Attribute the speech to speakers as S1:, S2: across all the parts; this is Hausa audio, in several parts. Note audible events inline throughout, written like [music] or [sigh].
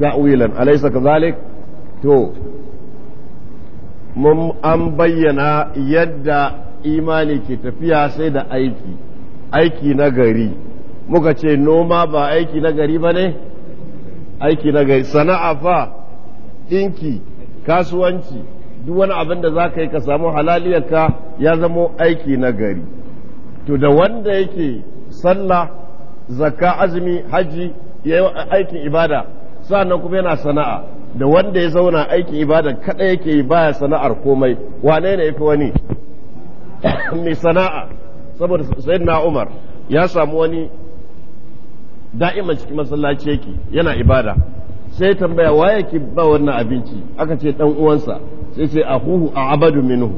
S1: ta'wilan alaysa kadhalik to an bayyana yadda imani ke tafiya sai da aiki aiki nagari muka ce noma ba aiki nagari gari ba ne sana'a fa ɗinki kasuwanci duk wani abin da za ka ka samu halaliyarka ya zamo aiki na gari to da wanda yake sallah zakka azumi hajji ya yi aikin ibada sa'annan kuma yana sana'a da wanda ya zauna aiki ibada kada yake yi baya sana'ar komai wane ne yafi wani [coughs] mai sana'a saboda sayyidina Umar ya samu wani da'iman cikin masallaci yake yana ibada sai tambaya wa yake ba wannan abinci aka ce dan uwansa sai sai ahuhu a abadu minhu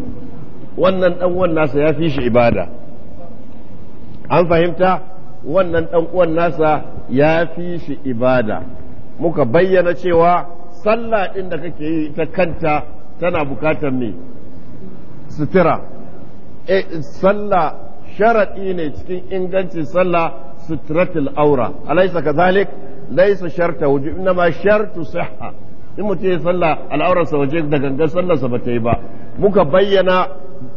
S1: wannan dan uwan nasa ya fi shi ibada an fahimta wannan dan uwan nasa ya fi shi ibada muka bayyana cewa sallah ɗin da kake yi ta kanta tana bukatar me sutura eh, sallah sharaɗi ne cikin ingancin sallah suturatul aura alaisa kazalik laisa sharta wujub ma shartu sihha in mutum ya sallah al'aurarsa waje da gangan sallarsa ba yi ba muka bayyana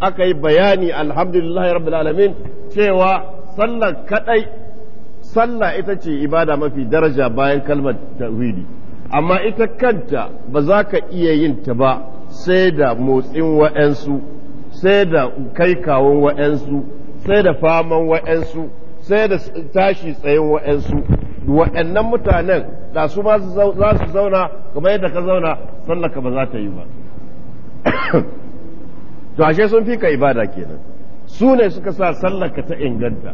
S1: aka yi bayani alhamdulillahi rabbil alamin cewa sallar kadai sallah ita ce ibada mafi daraja bayan kalmar tauhidi amma ita kanta ba za ka iya yin ta ba sai da motsin wa'ansu sai da kai kawon wa'ansu sai da faman wa'ansu sai da tashi tsayin wa'ansu wa'annan mutanen da su ma za su zauna kamar yadda ka zauna sallah ka ba za ta yi ba to ashe sun fi ka ibada kenan su ne suka sa sallaka ka ta inganta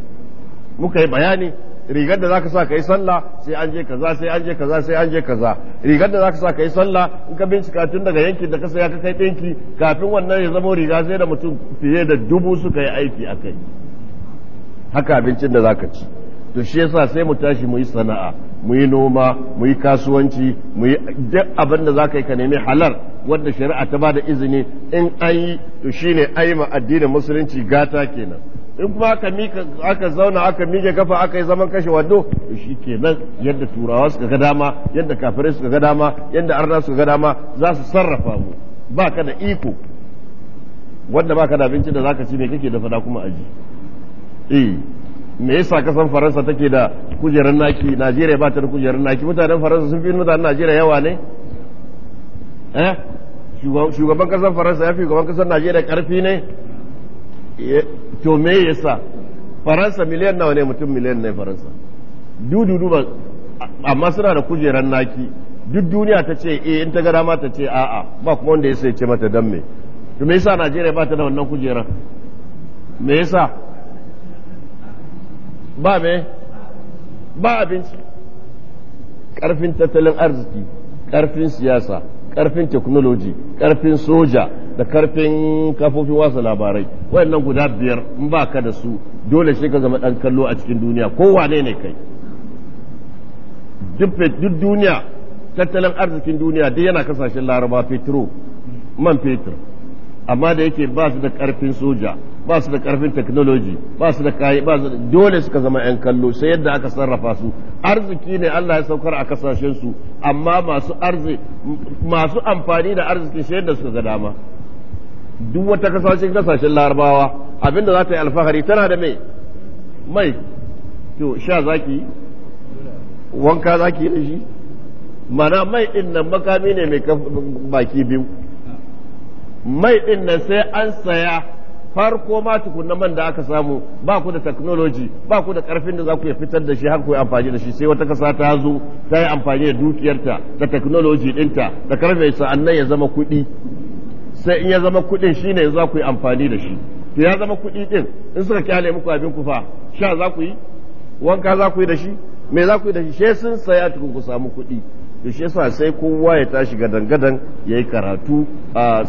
S1: muka yi bayani rigar da zaka sa kai sallah sai an je kaza sai an je kaza sai an je kaza rigar da zaka sa kai sallah in ka bincika tun daga yankin da ka saya ka kai dinki kafin wannan ya zama riga sai da mutum fiye da dubu suka yi aiki a kai haka abincin da zaka ci to shi yasa sai mu tashi mu yi sana'a mu yi noma mu yi kasuwanci mu yi duk abin da zaka yi ka nemi halal wanda shari'a ta bada izini in an yi to shine ayi ma addinin musulunci gata kenan in kuma aka mika aka zauna aka mike kafa aka yi zaman kashe wando to nan yadda turawa suka ga dama yadda kafirai suka ga dama yadda arna suka ga dama za su sarrafa mu ka da iko wanda ba ka da abinci da zaka ci me kake da fada kuma aji eh me yasa san faransa take da kujerar naki najeriya ba ta da kujerar naki mutanen faransa sun fi mutanen najeriya yawa ne eh shugaban kasar faransa ya fi shugaban kasar najeriya karfi ne eh. to me yasa faransa miliyan nawa ne mutum miliyan ne faransa dudu ba amma suna da kujeran naki duk duniya ta ce eh in ta ga dama ta ce a'a ba kuma wanda ya sai ce mata dan me to me yasa Najeriya ba ta da wannan kujeran me yasa ba me ba abinci karfin tattalin arziki karfin siyasa karfin teknoloji karfin soja da karfin kafofin wasa labarai wayannan guda biyar in ba ka da su dole sai ka zama dan kallo a cikin duniya kowane ne kai duk duniya tattalin arzikin duniya duk yana kasashen laraba fetro man fetur amma da yake ba su da karfin soja ba su da karfin technology ba su da kayi ba su dole suka zama 'yan kallo sai yadda aka sarrafa su arziki ne Allah ya saukar a kasashen su amma masu arziki masu amfani da arzikin shi yadda suka ga dama duk wata kasashen kasashen larabawa abinda za ta yi alfahari tana da mai mai to sha zaki wanka zaki da shi mana mai din nan makami ne mai baki biyu mai din nan sai an saya farko ma tukunna man da aka samu ba ku da technology ba ku da karfin da za ku fitar da shi har ku yi amfani da shi sai wata kasa ta zo ta yi amfani da dukiyarta da technology dinta da karfe sa'annan ya zama kuɗi sai in ya zama kuɗin shine za ku yi amfani da shi to ya zama kuɗi din in suka kyale muku abin ku fa sha za ku yi wanka za ku yi da shi me za ku yi da shi sai sun saya tukun ku samu kuɗi to shi yasa sai kowa ya tashi gadan-gadan ya yi karatu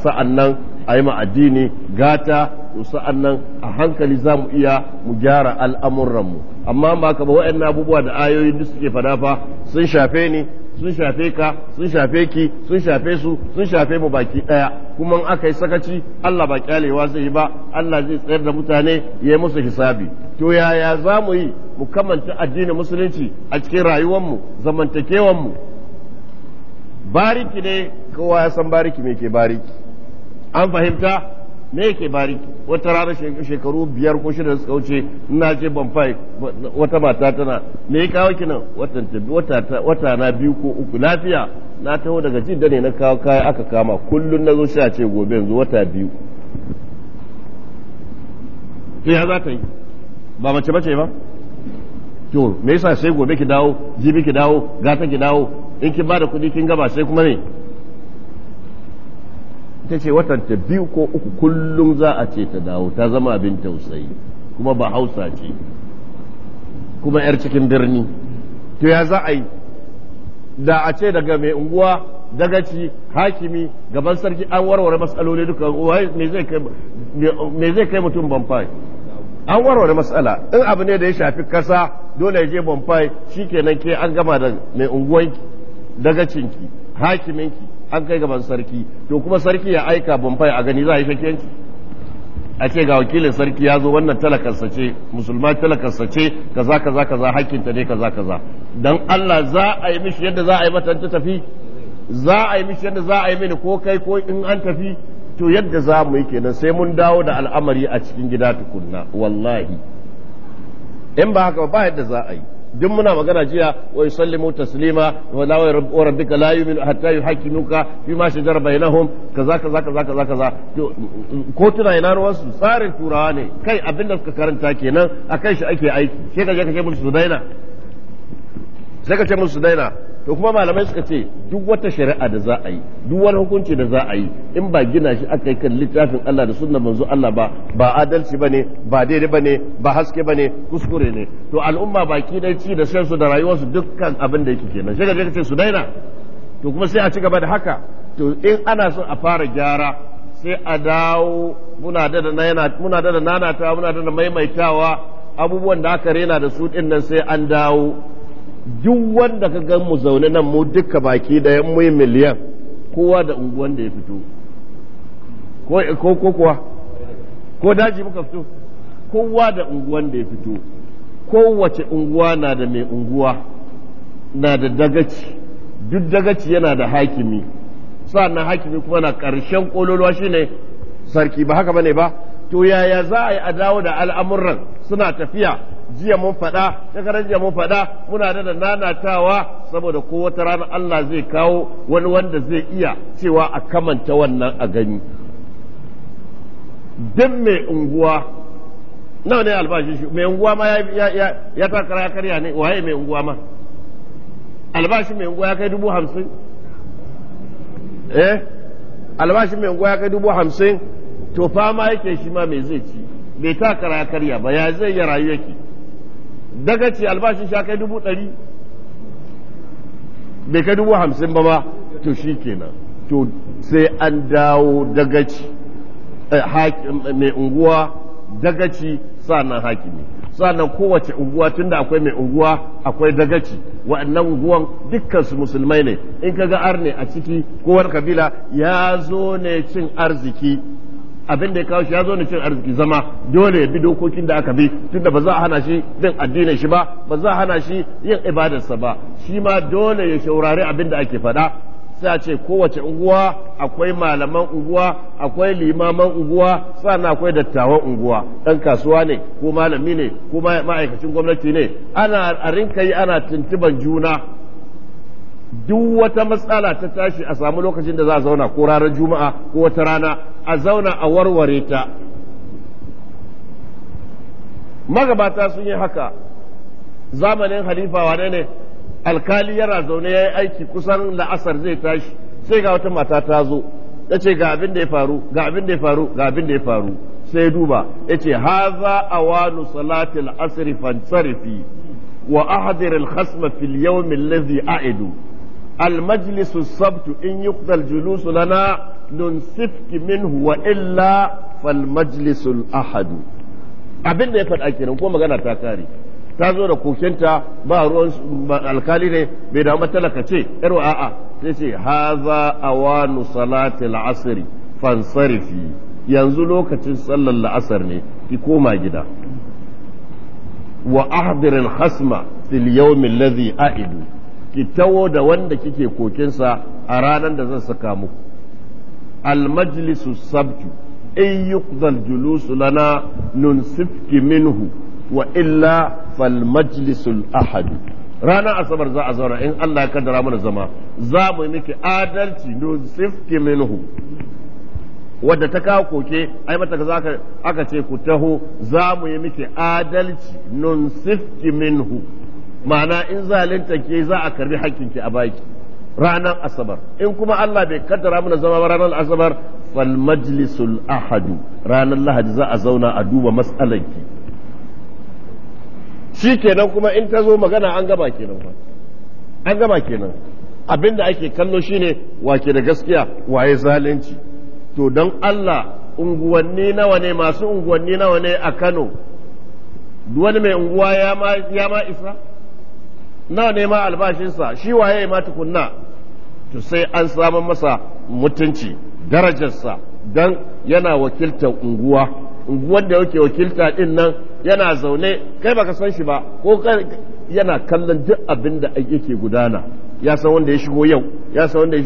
S1: sa'an nan a yi addini gata musu sa'an nan a hankali za mu iya mu gyara al'amuranmu amma ba ka ba waɗannan abubuwa da ayoyin da suke fada sun shafe ni sun shafe ka sun shafe ki sun shafe su sun shafe mu baki ɗaya kuma aka yi sakaci Allah ba kyalewa zai yi ba Allah zai tsayar da mutane ya yi musu hisabi to yaya za mu yi mu kamanta addinin musulunci a cikin mu rayuwarmu mu. bariki ne kowa ya san bariki me ke bariki an fahimta me yake bari wata rana shekaru biyar ko shida suka wuce ina ce ban fai wata mata tana me ya kawo ki nan wata na biyu ko uku lafiya na taho daga da ne na kawo kaya aka kama kullum na zo sha ce gobe yanzu wata biyu to ya za ta yi ba mace bace ba to me yasa sai gobe ki dawo jibi ki dawo gata ki dawo in kin ba da kuɗi kin gaba sai kuma ne ta ce watan ta biyu ko uku kullum za a ce ta dawo ta zama abin tausayi kuma ba hausa ce kuma 'yar cikin birni to ya za a yi da a ce daga mai unguwa dagaci hakimi gaban sarki an warware matsaloli duka me zai kai mutum bamfai an warware matsala in abu ne da ya shafi kasa dole ya je bamfai kenan ke an gama da mai unguwanki dagacinki hakiminki an kai gaban sarki to kuma sarki ya aika bamfai a gani za a yi shakiyanci a ce ga wakilin sarki ya zo wannan talakarsa ce musulma talakarsa ce kaza kaza kaza hakkinta ne kaza kaza dan Allah za a yi mishi yadda za a yi mata ta tafi za a yi mishi yadda za a yi mini ko kai ko in an tafi to yadda za mu yi kenan sai mun dawo da al'amari a cikin gida tukunna wallahi in ba haka ba yadda za a yi duk muna magana jiya wa yusallimu taslima wa la rabbika la yu'minu hatta yuhakimuka fi ma shajara bainahum kaza kaza kaza kaza kaza ko tuna ina ruwan su tsarin turawa ne kai abinda suka karanta kenan akan shi ake aiki sai ka je ka ce musu su daina sai ka ce musu su daina to kuma malamai suka ce duk wata shari'a da za a yi duk wani hukunci da za a yi in ba gina shi aka yi kan littafin Allah da sunnar manzo Allah ba ba adalci bane ba daidai bane ba haske bane kuskure ne to al'umma baki dai ci da shan su da rayuwar su dukkan abin da yake kenan shi ga ce su daina to kuma sai a ci gaba da haka to in ana son a fara gyara sai a dawo muna da muna da nanata muna da maimaitawa abubuwan da aka rena da su din sai an dawo duk wanda ka gan mu zaune nan mu duka baki da yan mai miliyan kowa da unguwan da ya fito ko ko kuwa ko daji muka fito kowa da unguwan da ya fito kowace unguwa na da mai unguwa na da dagaci duk dagaci yana da hakimi Sa na hakimi kuma na karshen kololuwa shine sarki ba haka bane ba to yaya za a yi a dawo da al'amuran suna tafiya jiya mun faɗa shekaran jiya mun faɗa muna da nanatawa saboda ko wata rana Allah zai kawo wani wanda zai iya cewa a kamanta wannan a gani duk mai unguwa nawa ne albashin shi mai unguwa ma ya takara ya karya ne waye mai unguwa ma albashin mai unguwa ya kai dubu hamsin eh albashin mai unguwa ya kai dubu hamsin to fama yake shi ma mai zai ci bai takara ya karya ba ya zai ya rayu yake daga ce albashin shi kai dubu ɗari bai kai dubu hamsin ba ba to shi kenan to sai an dawo dagaci eh, mai unguwa dagaci sa'annan hakimi sa'annan kowace unguwa tun da akwai mai unguwa akwai dagaci wa'annan unguwan dukkan su musulmai ne in ka ga arne a ciki kowar kabila ya zo ne cin arziki abin da ya kawo shi ya zo ne cin arziki zama dole ya bi dokokin da aka bi tunda ba za a hana shi bin addinin shi ba ba za a hana shi yin ibadarsa ba shi ma dole ya shaurari abin da ake faɗa sai a ce kowace unguwa akwai malaman unguwa akwai limaman unguwa sannan akwai dattawan unguwa Dan kasuwa ne ko malami ne ko ma'aikacin gwamnati ne ana a rinka yi ana tuntuban juna duk wata matsala ta tashi a samu lokacin da za a zauna ko ranar juma'a ko wata rana a zauna a warware ta magabata sun yi haka zamanin halifa wane ne alkali yana zaune ya yi aiki kusan la'asar zai tashi sai ga wata mata ta zo Ya ce ga abin da ya faru ga abin da ya faru ga abin da ya faru sai duba ya ce haza awanu salatil asri fansarifi wa ahdir al khasma fil yawm lazi a'idu al majlisu Sabtu in yuqda julusu na lana nunsifki minhu wa illa fal majlisul ahadu abin da ya faɗa kenan ko magana ta kare ta zo da kokenta ba ruwan alkali ne bai damu talaka ce yar a'a sai ce haza awanu salati al'asri fansarifi yanzu lokacin sallar la'asar ne ki koma gida wa ahdirin hasma fil yawmin ladhi a'idu ki tawo da wanda kike kokinsa a ranar da zan saka muku المجلس السبت إن يقضى الجلوس لنا ننسفك منه وإلا فالمجلس الأحد رانا أصبر زا أزورا إن الله كدر من زما زابو ميك آدلتي ننسفك منه wadda ta kawo koke ai mata ka zaka aka ce ku taho za mu yi miki adalci nun sifki minhu ma'ana in zalinta ke za a karbi hakkinki a baki ranar asabar in kuma Allah bai kaddara mana zama ranar asabar fal majlisul ahadu ranar lahadi za a zauna a duba matsalanki shi kenan kuma in ta zo magana an gaba kenan ba an gaba kenan abinda ake kallo shine wake da gaskiya waye zalunci to don Allah unguwanni nawa ne masu unguwanni nawa ne a Kano wani mai unguwa ya ma isa na nema albashinsa shi waye ma tukunna to sai an samun masa mutunci darajarsa don yana wakiltar unguwa unguwar da yake wakilta din nan yana zaune kai baka san shi ba ko yana kallon duk abin da yake gudana ya san wanda ya shigo yau ya san wanda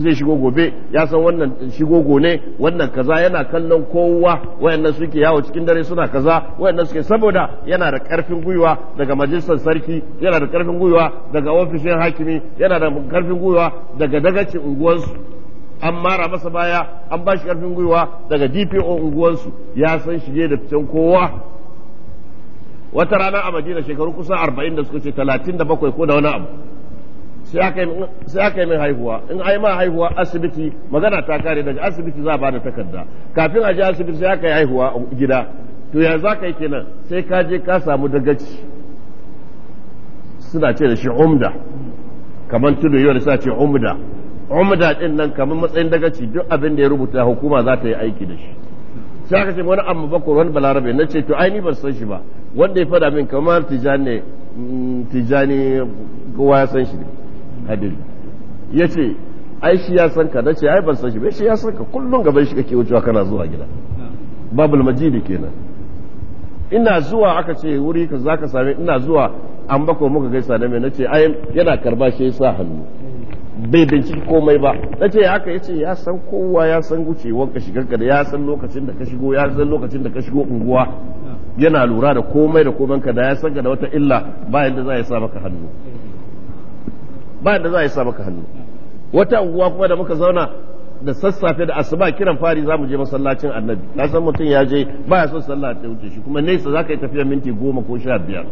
S1: zai shigo gobe ya san wannan shigo gone wannan kaza yana kallon kowa wayannan suke yawo cikin dare suna kaza wayannan suke saboda yana da karfin gwiwa daga majalisar sarki yana da karfin gwiwa daga ofishin hakimi yana da karfin gwiwa daga dagacin unguwansu an mara masa baya an ba shi karfin gwiwa daga dpo unguwansu ya san shige da fitan kowa wata rana a madina shekaru kusan arba'in da suka ce talatin da bakwai ko da wani abu sai aka yi min haihuwa in ai ma haihuwa asibiti magana ta kare daga asibiti za a bada takarda kafin a je asibiti sai aka yi haihuwa gida to ya za ka yi kenan sai ka je ka samu dagaci suna ce da shi umda kamar tudu yau da suna ce umda umda din nan kamar matsayin dagaci duk abin da ya rubuta hukuma za ta yi aiki da shi sai aka ce wani amma bakwai wani balarabe na ce to ai ni ban san shi ba wanda ya fada min kamar tijani mm, tijani kowa ya san shi ne ya yace ai shi ya san ka nace ai ban san shi ba shi ya san ka kullum gaban shi kake wucewa kana zuwa gida babul majidi kenan ina zuwa aka ce wuri ka zaka same ina zuwa an bako muka gaisa da mai nace ai yana karba shi ya sa hannu bai binciki komai ba na ce haka yace ya san kowa ya san wucewar ka shigar ka da ya san lokacin da ka shigo ya san lokacin da ka shigo unguwa yana lura da komai da komanka da ya san ka da wata illa ba yadda za ya sa maka hannu ba da za a yi sa maka hannu wata abubuwa kuma da muka zauna da sassafe da asuba kiran fari za mu je masallacin annabi ka san mutum ya je ba ya son sallah ta wuce shi kuma nesa za ka yi tafiya minti goma ko sha biyar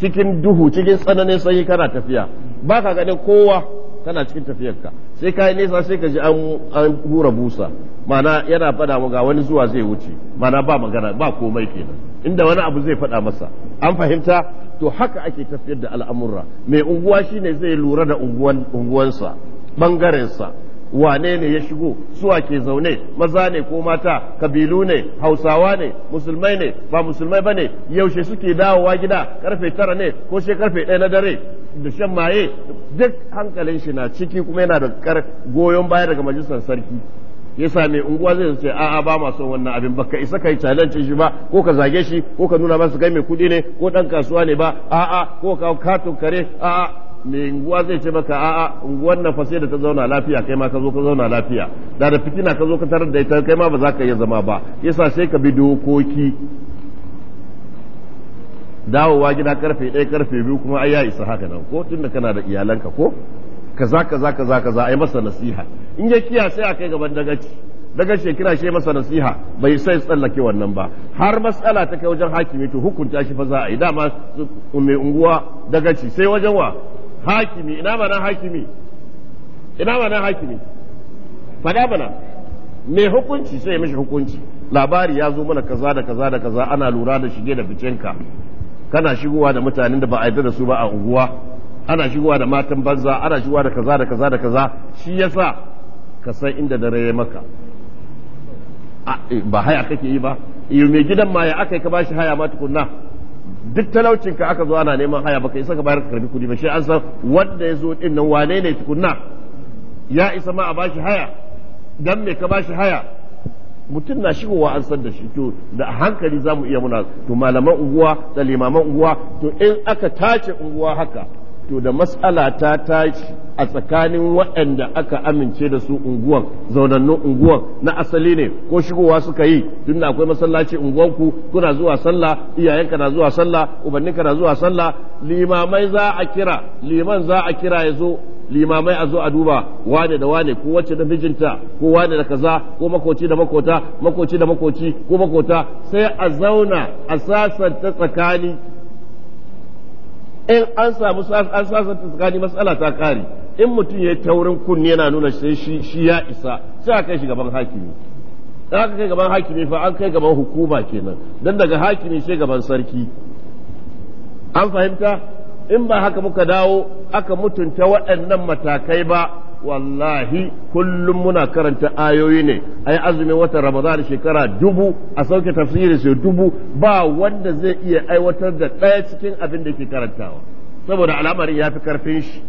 S1: cikin duhu cikin tsananin sanyi kana tafiya ba ka ganin kowa kana cikin tafiyarka sai ka yi nesa sai ka ji an hura busa mana yana faɗa mu ga wani zuwa zai wuce mana ba magana ba komai kenan inda wani abu zai faɗa masa an fahimta to haka ake tafiyar da al'amurra mai unguwa shi ne zai lura da unguwansa bangarensa wane ne ya shigo suwa ke zaune maza ne ko mata kabilu ne hausawa ne musulmai ne ba musulmai ba ne yaushe suke dawowa gida karfe tara ne ko she karfe ɗaya na dare da shan maye duk hankalin shi na ciki kuma yana da goyon baya daga majalisar sarki yasa mai unguwa zai ce a'a ba ma son wannan abin ba ka isa kai challenge shi ba ko ka zage shi ko ka nuna masa kai mai kudi ne ko dan kasuwa ne ba a'a ko ka kato kare a'a mai unguwa zai ce maka a'a unguwar nan na da ta zauna lafiya kai ma ka zo ka zauna lafiya da da fitina ka zo ka tarar da ita kai ma ba za ka iya zama ba yasa sai ka bi dokoki dawowa gida karfe ɗaya karfe biyu kuma ai ya isa haka nan ko tunda kana da iyalanka ko kaza kaza kaza kaza ai masa nasiha in ya kiya sai a kai gaban dagaci dagaci ya kira shi masa nasiha bai sai tsallake wannan ba har matsala ta kai wajen hakimi to hukunta shi fa za a yi dama umme unguwa dagaci sai wajen wa hakimi ina ma na hakimi ina ma nan hakimi fada bana mai hukunci sai ya mishi hukunci labari ya zo mana kaza da kaza da kaza ana lura da shige da ficenka kana shigowa da mutanen da ba a yarda da su ba a unguwa ana shigowa da matan banza ana shigowa da kaza da kaza da kaza shi yasa ka san inda dare ya maka eh, ba haya kake yi ba iyo eh, mai gidan ma ya aka yi ka bashi haya ma tukunna duk talaucin ka aka zo ana neman haya baka isa ka bayar ka karbi kudi ba shi an san wanda ya zo din nan wane ne tukunna ya isa ma a bashi haya dan me ka bashi haya mutum na shigowa an san da shi to da hankali za mu iya muna to malaman unguwa da limaman unguwa to in aka tace unguwa haka to da mas'ala ta tashi a tsakanin waɗanda aka amince da su unguwan zaunannun unguwan na asali ne ko shigowa suka yi tun da akwai masallaci unguwanku kuna zuwa sallah iyayenka na zuwa sallah ubanninka na zuwa sallah limamai za a kira liman za a kira ya zo limamai a zo a duba wane da wane ko wacce da mijinta ko wane da kaza ko makoci da makota makoci da makoci ko makota sai a zauna a sasanta tsakani in an samu an sasanta tsakani matsala ta kare in mutum ya yi taurin kunni yana nuna shi shi ya isa sai a kai shi gaban hakimi in aka kai gaban hakimi fa an kai gaban hukuma kenan dan daga hakimi sai gaban sarki an fahimta in ba haka muka dawo aka mutunta waɗannan matakai ba wallahi kullum muna karanta ayoyi ne ai azumin watan ramadan shekara dubu a sauke tafsiri sai dubu ba wanda zai iya aiwatar da ɗaya cikin abin da ke karantawa saboda al'amarin ya fi karfin shi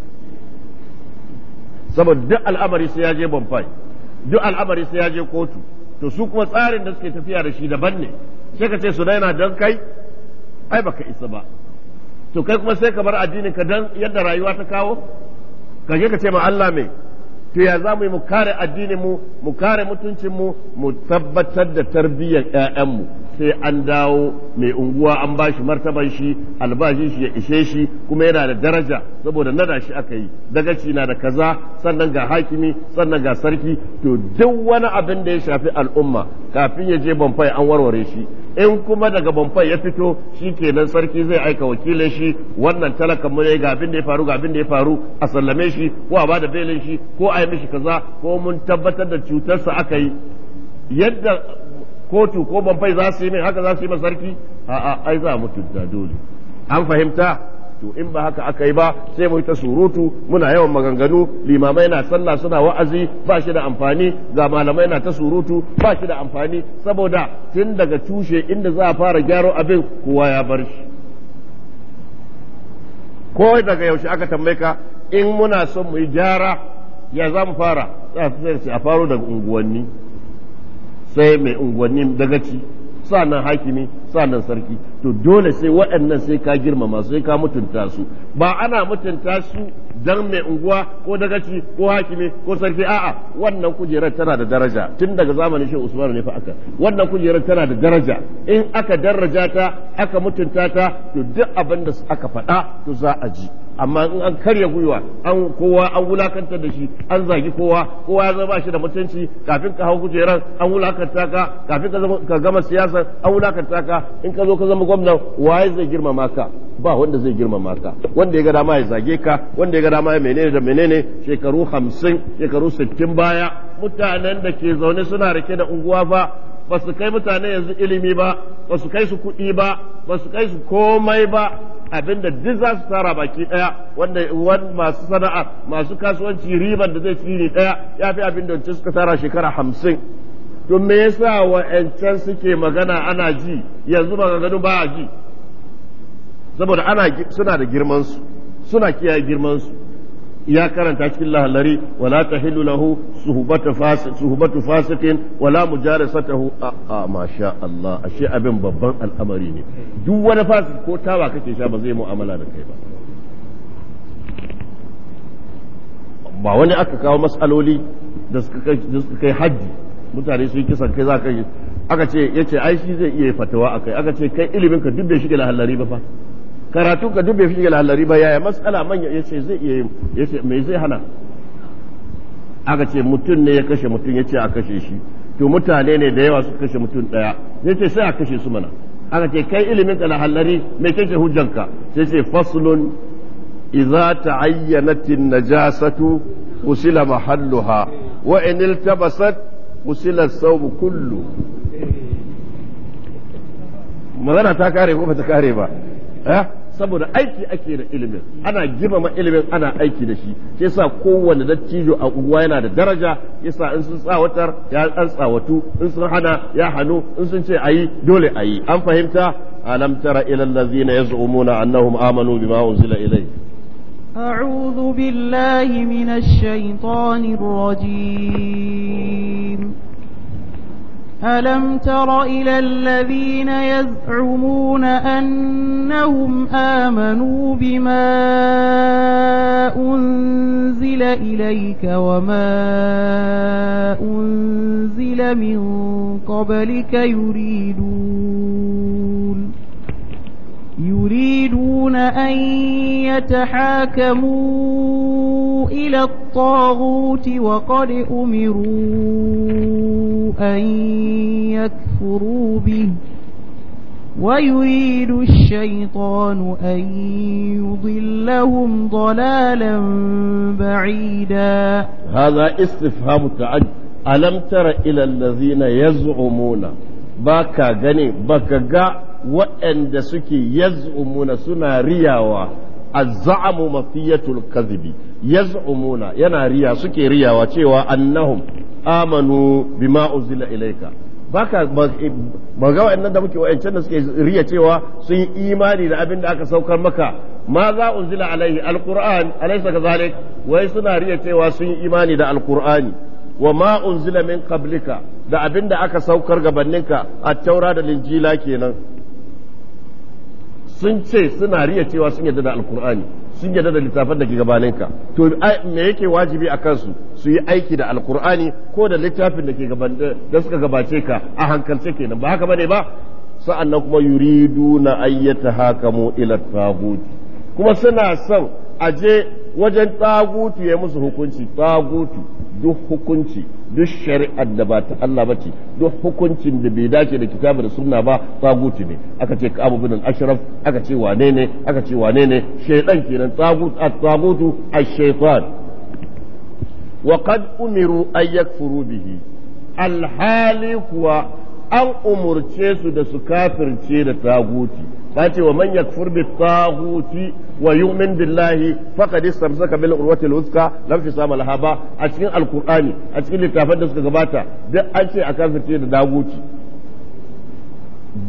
S1: saboda duk al'amari sai ya je bonfai duk al'amari sai ya je kotu to su kuma tsarin da suke tafiya da shi daban ne sai ka ce su daina don kai ai baka isa ba to kai kuma sai ka bar addinin ka dan yadda rayuwa ta kawo ka ka ce ma Allah mai to ya za mu yi mu kare addinin mu mu kare mutuncin mu mu tabbatar da tarbiyyar 'ya'yanmu sai an dawo mai unguwa an ba shi martaban shi albashin shi ya ishe shi kuma yana da daraja saboda nada shi aka yi dagaci na da kaza sannan ga hakimi sannan ga sarki to duk wani abin da ya shafi al'umma kafin ya je bonfai an warware shi in kuma daga bonfai ya fito shi kenan sarki zai aika wakilin shi wannan talakan mu ne ga abin da ya faru ga abin da ya faru a sallame shi ko a bada belin shi ko a yi. mishi kaza ko mun tabbatar da cutarsa aka yi yadda kotu ko banfai za su yi mai haka za su yi masarki a'a ai za mu tudda dole an fahimta to in ba haka aka yi ba sai mu ta surutu muna yawan maganganu limamai na sallah suna wa'azi ba shi da amfani ga malamai na ta surutu ba shi da amfani saboda tun daga tushe inda za a fara gyaro abin kowa ya bar shi ko daga yaushe aka tambaye ka in muna son mu yi gyara ya za mu fara sai a faro daga unguwanni sai mai unguwanni dagaci sa'annan hakimi sa'annan sarki to dole sai waɗannan sai ka girmama sai ka mutunta su ba ana mutunta su dan mai unguwa ko dagaci ko hakimi ko sarki a'a wannan kujerar tana da daraja tun daga zamanin shi Usman ne fa aka wannan kujerar tana da daraja in aka daraja ta aka mutunta ta to duk abin da aka faɗa to za a ji amma in an karya gwiwa an kowa an wulakanta da shi an zagi kowa kowa ya zama shi da mutunci kafin ka hau kujeran an wulakanta ka kafin ka gama siyasa an wulakanta ka in ka zo ka zama gwamna waye zai girmama ka ba wanda zai girmama ka wanda ya ga dama ya zage ka wanda ya ga dama ya menene da menene shekaru hamsin shekaru sittin baya mutanen da ke zaune suna rike da unguwa fa ba su kai mutane yanzu ilimi ba ba su kai su kuɗi ba ba su kai su komai ba abinda duk za su tara baki ɗaya wanda masu sana'a masu kasuwanci riban da zai tsiri ɗaya ya fi abin da suka tara shekara hamsin don me yasa wa'ancan suke magana ana ji yanzu maganganu ba a ji saboda ana suna da su suna kiyaye girmansu ya karanta cikin lahalari wala tahillu lahu suhbatu wala suhbatu fasikin wala mujarasatahu a masha Allah ashe abin babban al'amari ne duk wani fasik ko taba kake sha ba zai mu'amala da kai ba ba wani aka kawo matsaloli da suka kai haddi mutane su yi kisan kai za ka yi aka ce yace ai shi zai iya fatawa kai. aka ce kai ilimin ka duk bai shige lahallari ba fa karatu ka duk bai fi lalari ba yaya matsala manya yace zai iya yin yace mai zai hana aka ce mutum ne ya kashe mutum ya ce a kashe shi to mutane ne da yawa suka kashe mutum daya yace sai a kashe su mana aka ce kai ilimin ka halari me kake hujjanka sai ce faslun idza ta'ayyanat an-najasatu usila mahalluha wa in iltabasat usila as kullu magana ta kare ko ba ta kare ba Eh? saboda aiki ake da ilimin ana girmama ilimin ana aiki da shi sai kowane kowanne dattijo a unguwa yana da daraja yasa in sun tsawatar ya an tsawatu in sun hana ya hannu in sun ce ayi dole ayi an fahimta alam tara ila allazina yaz'umuna annahum amanu bima unzila ilayhi
S2: أعوذ بالله من الشيطان ألم تر إلى الذين يزعمون أنهم آمنوا بما أنزل إليك وما أنزل من قبلك يريدون يريدون أن يتحاكموا إلى الطاغوت وقد أمروا أن يكفروا به ويريد الشيطان أن يضلهم ضلالا بعيدا
S1: هذا استفهام تعجب ألم تر إلى الذين يزعمون باكا غني باكا waɗanda suke yaz'umuna suna riyawa azza'amu mafiyatul kadhibi yaz'umuna yana riya suke riyawa cewa annahum amanu bima uzila ilaika baka ba ga waɗannan da muke wayancan da suke riya cewa sun yi imani da abin da aka saukar maka ma za unzila alaihi alquran alaysa kazalik wai suna riya cewa sun yi imani da alqurani wa ma unzila min qablika da abin da aka saukar gabaninka a taura da linjila kenan sun ce suna riya cewa sun yarda da alkur'ani sun yarda da littafan da ke gabaninka to me yake wajibi a kansu su yi aiki da alkur'ani ko da littafin da ke da suka gabace ka a hankalce kenan ba haka bane ba sa'annan kuma yuridu na ayyata hakamu ila taguti kuma suna son aje wajen tagutu ya musu hukunci tagutu duk hukunci duk shari'ar da ba ta Allah ba ce duk hukuncin da bai dace da kitabu da sunna ba tsaguti ne aka ce ka abu ashraf aka ce wane ne aka ce wane ne shaidan kenan tsagutu a shaitan wa qad umiru an yakfuru bihi alhali kuwa an umarce su da su kafirce da tsaguti ba ce wa man yakfur bi taghuti wa yu'min billahi faqad istamsaka bil urwati al-wuthqa lam fisama laha ba a cikin alqur'ani a cikin littafin da suka gabata duk an ce a kafirce da daguci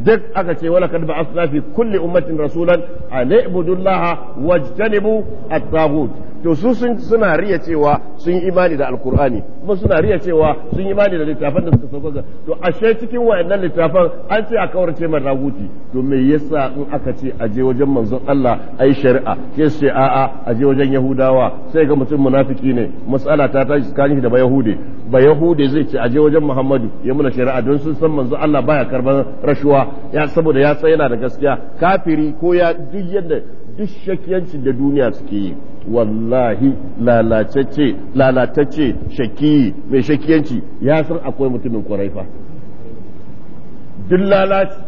S1: duk aka ce wala kad ba'athna fi kulli ummatin rasulan an ibudullaha wajtanibu at-taghut to su suna riya cewa sun yi imani da alkur'ani kuma suna riya cewa sun yi imani da littafan da suka sauka to ashe cikin wayannan littafan an ce a kaurace man raguti to me yasa in aka ce a je wajen manzon Allah ai shari'a ke ce a'a a je wajen yahudawa sai ga mutum munafiki ne mas'ala ta tashi tsakanin da bayahude bayahude zai ce a je wajen muhammadu ya muna shari'a don sun san manzon Allah baya karban rashuwa kowa ya saboda ya san yana da gaskiya kafiri ko ya duk yadda duk shakiyancin da duniya suke yi wallahi lalatacce lalatacce shaki mai shakiyanci ya san akwai mutumin kwarai fa duk lalaci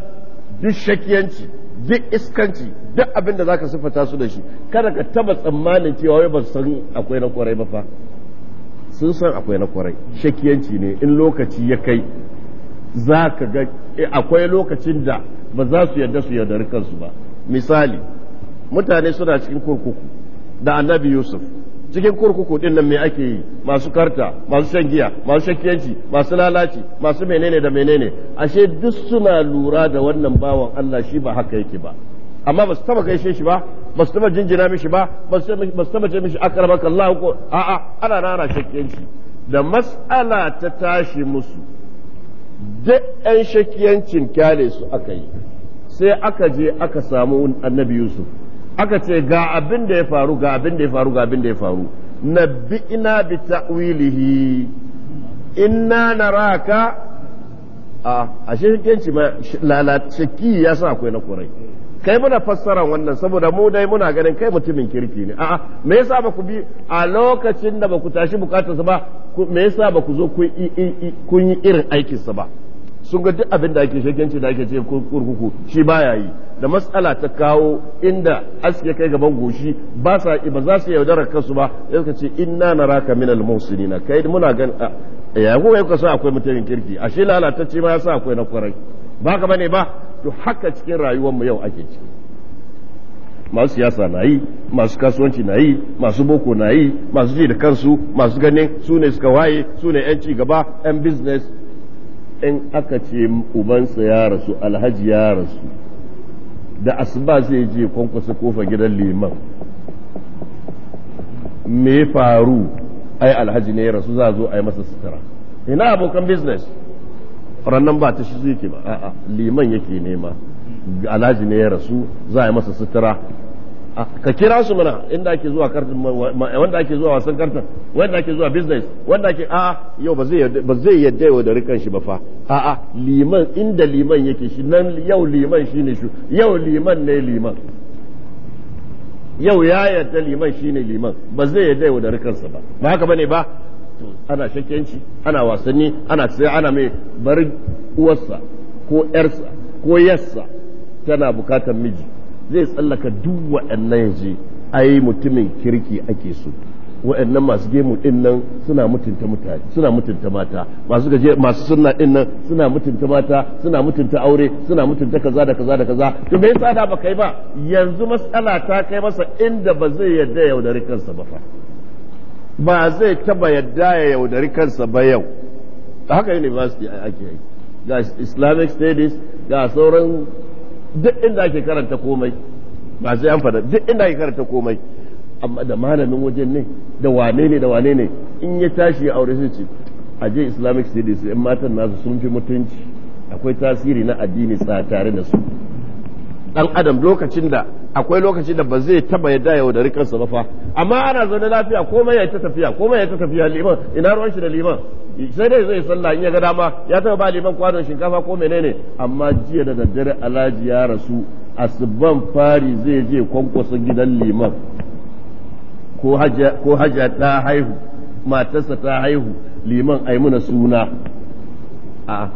S1: duk shakiyanci duk iskanci duk abin da zaka siffata su da shi kada ka taba tsammanin cewa wai ba san akwai na kwarai ba fa sun san akwai na kwarai shakiyanci ne in lokaci ya kai za ka ga Eh, akwai lokacin da ba za su yarda su yaudari kansu ba misali mutane suna cikin kurkuku da annabi yusuf cikin kurkuku din nan me ake yi masu karta masu shan giya masu shakkiyanci masu lalaci masu menene da menene ashe duk suna lura da wannan bawan Allah shi ba haka yake ba amma ba su taba gaishe shi ba ba su taba jinjina mishi ba ba su taba ce mishi akarabaka Allah ko a'a ana rana shakkiyanci da mas'ala ta tashi musu duk 'yan shakiyancin kyale su aka yi sai aka je aka samu annabi yusuf aka ce ga abin da ya faru ga abin da ya faru ga abin da ya faru na bi ina bi ta'wilihi inna naraka a shakiyancin shakiyanci ma ya sa akwai na kurai kai muna fassara wannan saboda mu dai muna ganin kai mutumin kirki ne a'a me yasa ba ku bi a lokacin da ba ku tashi sa ba me yasa ba ku zo kun yi irin aikinsa ba sun ga duk abin da ake shekenci da ake ce kurkuku shi baya yi da matsala ta kawo inda aske kai gaban goshi ba sa ba za su yaudarar kansu ba sai suka ce inna naraka minal musinina kai muna gan a ko kai sa akwai mutumin kirki ashe lalatacce ma ya sa akwai na kwarai ba ka bane ba to haka cikin rayuwar mu yau ake ciki masu siyasa na yi masu kasuwanci na yi masu boko na yi masu ji da kansu masu ganin su ne suka waye su ne 'yan ci gaba 'yan business in aka ce ubansa ya rasu alhaji ya rasu da asuba zai je kwankwasa kofar gidan liman me faru ai alhaji ne ya rasu za a zo a yi masa sutura ina abokan business rannan ba ta shi zai ke ba a'a liman yake nema alhaji ne ya rasu za a masa sutura ka kira su mana inda ake zuwa kartin wanda ake zuwa wasan kartin wanda ake zuwa business wanda ake a'a yau ba zai yadda yau da rikan shi ba fa a'a liman inda liman yake shi nan yau liman shi ne shi yau liman ne liman yau ya yadda liman shi ne liman ba zai yadda yau da rikansa ba ba haka bane ba ana shakkenci ana wasanni ana sai ana mai bari uwarsa ko yarsa ko yarsa tana bukatar miji zai tsallaka duk waɗannan yaje ai mutumin kirki ake so waɗannan masu gemu din nan suna mutunta mutane suna mutunta mata masu gaje masu sunna din nan suna mutunta mata suna mutunta aure suna mutunta kaza da kaza da kaza to bai tsada ba kai ba yanzu matsala ta kai masa inda ba zai yarda yaudari kansa ba fa ba zai taba yadda ya yaudari kansa ba yau haka university ake yi ga islamic studies ga sauran duk inda ake karanta komai ba sai an fada duk inda ake karanta komai amma da malamin wajen ne da wane ne da wane ne in ya tashi ya aure sai ce a je islamic studies yan matan nasu sun fi mutunci akwai tasiri na addini tare da su dan adam lokacin da akwai lokacin da ba zai taba yadda yau da rikansa ba fa amma ana zaune lafiya komai ya ta tafiya komai ya ta tafiya liman ina ruwan shi da liman sai dai zai sallah in ya ga dama ya taba ba liman kwano shinkafa ko menene amma jiya da daddare alhaji ya rasu asuban fari zai je kwankwasa gidan liman ko haja ta haihu matarsa ta haihu liman ai aimuna suna a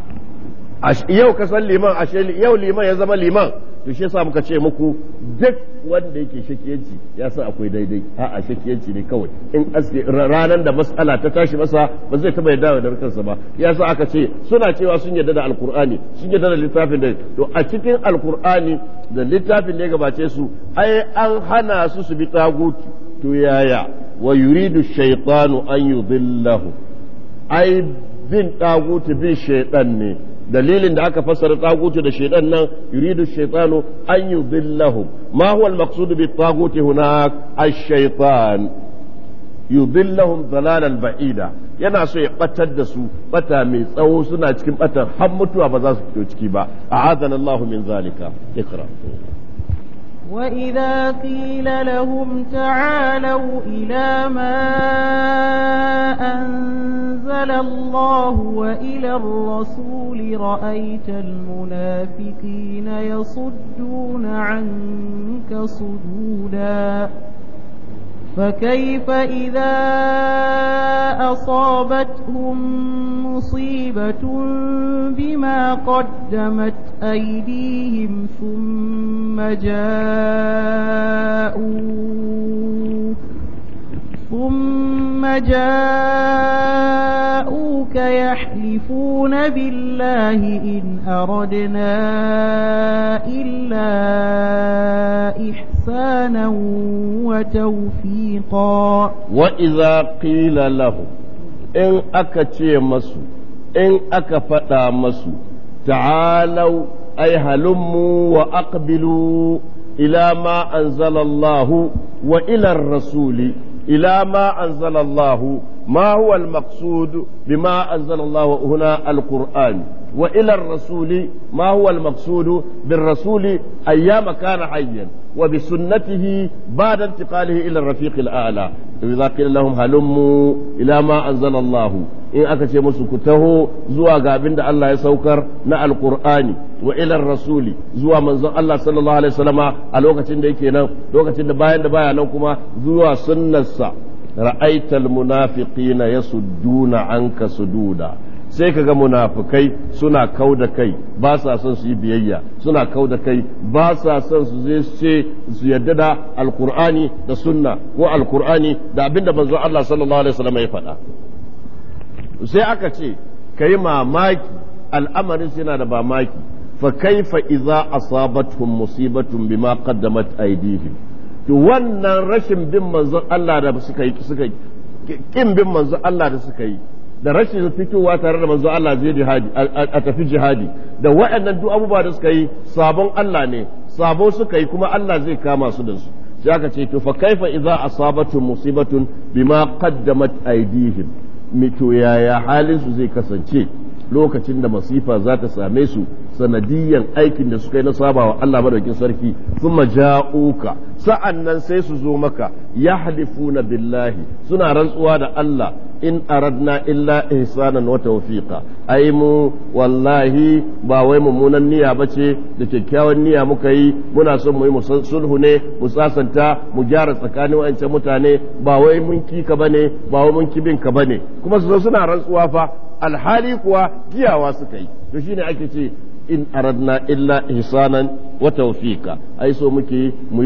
S1: yau kasan liman ashe yau liman ya zama liman to shi yasa muka ce muku duk wanda yake shakiyanci ya san akwai daidai a'a shakiyanci ne kawai in aske ranar da mas'ala ta tashi masa ba zai taba yarda da kansa ba ya sa aka ce suna cewa sun yarda da alkur'ani sun yarda da littafin da to a cikin alkur'ani da littafin da ya gabace su ai an hana su su bi taguti to yaya wa yuridu shaytanu an yudillahu ai bin taguti bin shaytan ne dalilin da aka fassara tagutu da shaidan nan yuridu shaitanu an yudillahum ma huwa al-maqsud bi taguti hunak ash-shaytan yudillahum dalalan ba'ida yana so ya batar da su bata mai tsawo suna cikin batar har mutuwa ba za su fito ciki ba a'adana Allah min zalika ikra
S2: وَإِذَا قِيلَ لَهُمْ تَعَالَوْا إِلَىٰ مَا أَنزَلَ اللَّهُ وَإِلَى الرَّسُولِ رَأَيْتَ الْمُنَافِقِينَ يَصُدُّونَ عَنكَ صُدُودًا فكيف إذا أصابتهم مصيبة بما قدمت أيديهم ثم جاءوا ثم جاءوك يحلفون بالله إن أردنا إلا إحسانا وتوفيقا
S1: وإذا قيل لهم إن أكتي مسو إن أكفتا مسو تعالوا أي هلموا وأقبلوا إلى ما أنزل الله وإلى الرسول ila ma anzalallahu ma huwa al-maqsud bima anzalallahu huna al-qur'an وإلى الرسول ما هو المقصود بالرسول أيام كان حيا وبسنته بعد انتقاله إلى الرفيق الأعلى إذا قيل لهم هلموا إلى ما أنزل الله in aka ce musu ku taho zuwa ga da Allah ya saukar na alkur'ani wa ilar rasuli zuwa manzon Allah sallallahu alaihi wasallama a lokacin da yake nan lokacin da bayan da nan kuma zuwa sunnarsa ra'aital munafiqina yasudduna anka sududa sai ka ga munafukai suna kau da kai ba sa son su yi biyayya suna kau da kai ba sa son su zai ce su yadda da alkur'ani da sunna ko alkur'ani da abinda manzo Allah sallallahu alaihi wasallam ya faɗa sai aka ce kai mamaki al'amarin suna da mamaki fa kaifa idza asabatuhum musibatun bima qaddamat aydihim to wannan rashin bin manzo Allah da suka yi suka kin bin manzon Allah da suka yi da rashin fitowa tare da manzo Allah zai jihadi a tafi jihadi da waɗannan duk abubuwa da suka yi sabon Allah ne sabo suka yi kuma Allah zai kama su da su sai aka ce to fa kaifa idza asabatu musibatun bima qaddamat aydihim mito yaya halin su zai kasance lokacin da masifa za ta same su sanadiyan aikin da suka yi na sabawa Allah madaukin sarki thumma ja'uka sa'annan sai su zo maka yahlifuna billahi suna rantsuwa da Allah in aradna illa ihsanan wa tawfiqa ai mu wallahi ba wai mummunan niyya bace da kyakkyawan niyya muka yi muna son mu yi sulhu ne mu sasanta mu gyara tsakanin wancan mutane ba wai mun ki ka bane ba wai mun kibin ka bane kuma su suna rantsuwa fa alhali kuwa giyawa suka yi to shine ake ce in aradna illa ihsanan wa tawfiqa ai so muke mu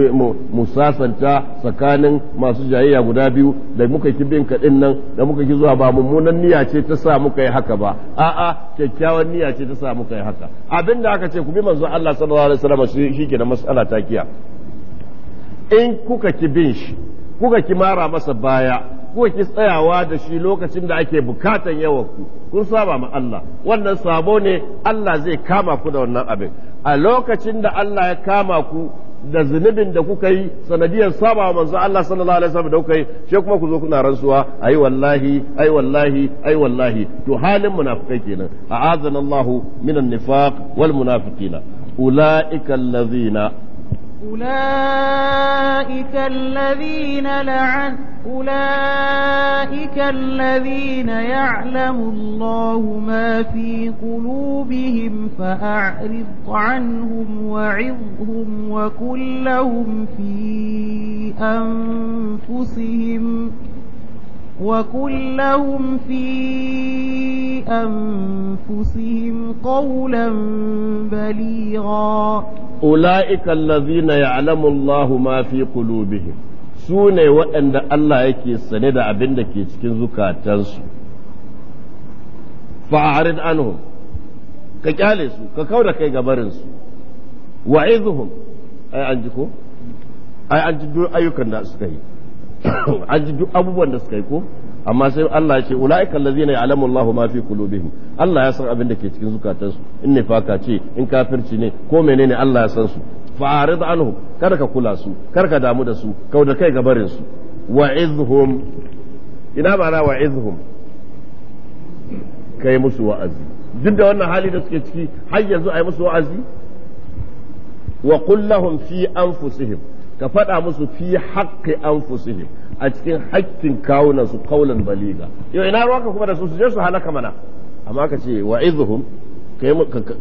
S1: yi mu sasanta tsakanin masu jayayya guda biyu da muka ki bin kadin nan da muka ki zuwa ba mummunan niyya ce ta sa muka yi haka ba a'a kyakkyawan niyya ce ta sa muka yi haka abinda aka ce ku bi manzo Allah sallallahu alaihi wasallam shi ke da mas'ala ta kiya in kuka ki bin shi kuka ki mara masa baya ku ki tsayawa da shi lokacin da ake bukatan yawanku kun saba ma Allah wannan sabo ne Allah zai kama ku da wannan abin a lokacin da Allah ya kama ku da zunubin da kuka yi sanadiyar saba wa manzo Allah sallallahu alaihi wasallam da kuka yi sai kuma ku zo kuna rantsuwa ai wallahi ai wallahi ai wallahi to halin munafikai kenan a'azana Allahu minan nifaq wal munafiqina ulaika allazina
S2: أولئك الذين لعن أولئك الذين يعلم الله ما في قلوبهم فأعرض عنهم وعظهم وكلهم في أنفسهم وكلهم في أنفسهم قولا بليغا
S1: أولئك الذين يعلم الله ما في قلوبهم su ne waɗanda Allah yake sane da abin da ke cikin zukatansu fa'arid anhum ka kyale su ka kauda kai gabarinsu wa'izuhum ai ayyukan da suka yi [coughs] aji duk abubuwan da suka yi ko amma sai Allah ya ce ulaiikal ladzina ya'lamu Allahu ma fi qulubihim Allah ya san abin da ke cikin zukatansu in nifaka ce in kafirci ne ko menene Allah ya san su fa'arid anhu kada ka kula su kar ka damu da su kau da kai gabarin su wa'izhum ina ba ma'ana wa'izhum kai musu wa'azi duk da wannan hali da suke ciki har yanzu ai musu wa'azi wa qul lahum fi anfusihim ka faɗa musu fi haƙƙi anfusihim a cikin haƙƙin kawunan su kaulan baliga yau ina ruwanka kuma da su su je su halaka mana amma ka ce wa'izhum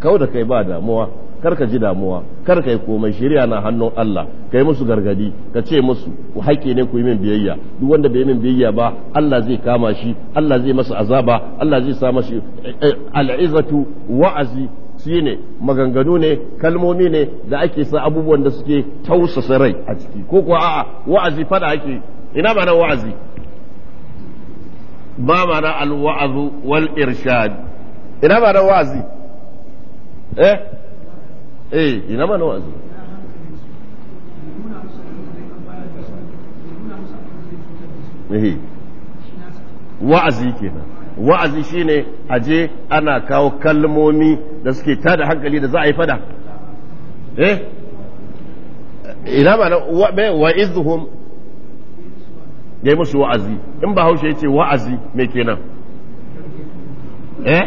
S1: kau da kai ba damuwa kar ka ji damuwa kar ka yi komai shari'a na hannun Allah kai musu gargadi ka ce musu haƙƙi ne ku yi min biyayya duk wanda bai min biyayya ba Allah zai kama shi Allah zai masa azaba Allah zai sa mashi eh, eh, al'izatu wa'azi shi ne maganganu ne kalmomi ne da ake sa abubuwan da suke tausasa rai a ciki ko kuwa a'a wa'azi fada ake ina ma nan wa'azi ba ma na alwa'azu wal irshad ina ma nan wa'azi eh eh ina ma nan wa'azi eh. wa'azi kenan wa'azi shine je ana kawo kalmomi da suke tada hankali da za a yi fada eh ina ma wa'izhum ya yi musu wa'azi in ba haushe ya ce wa'azi mai kenan eh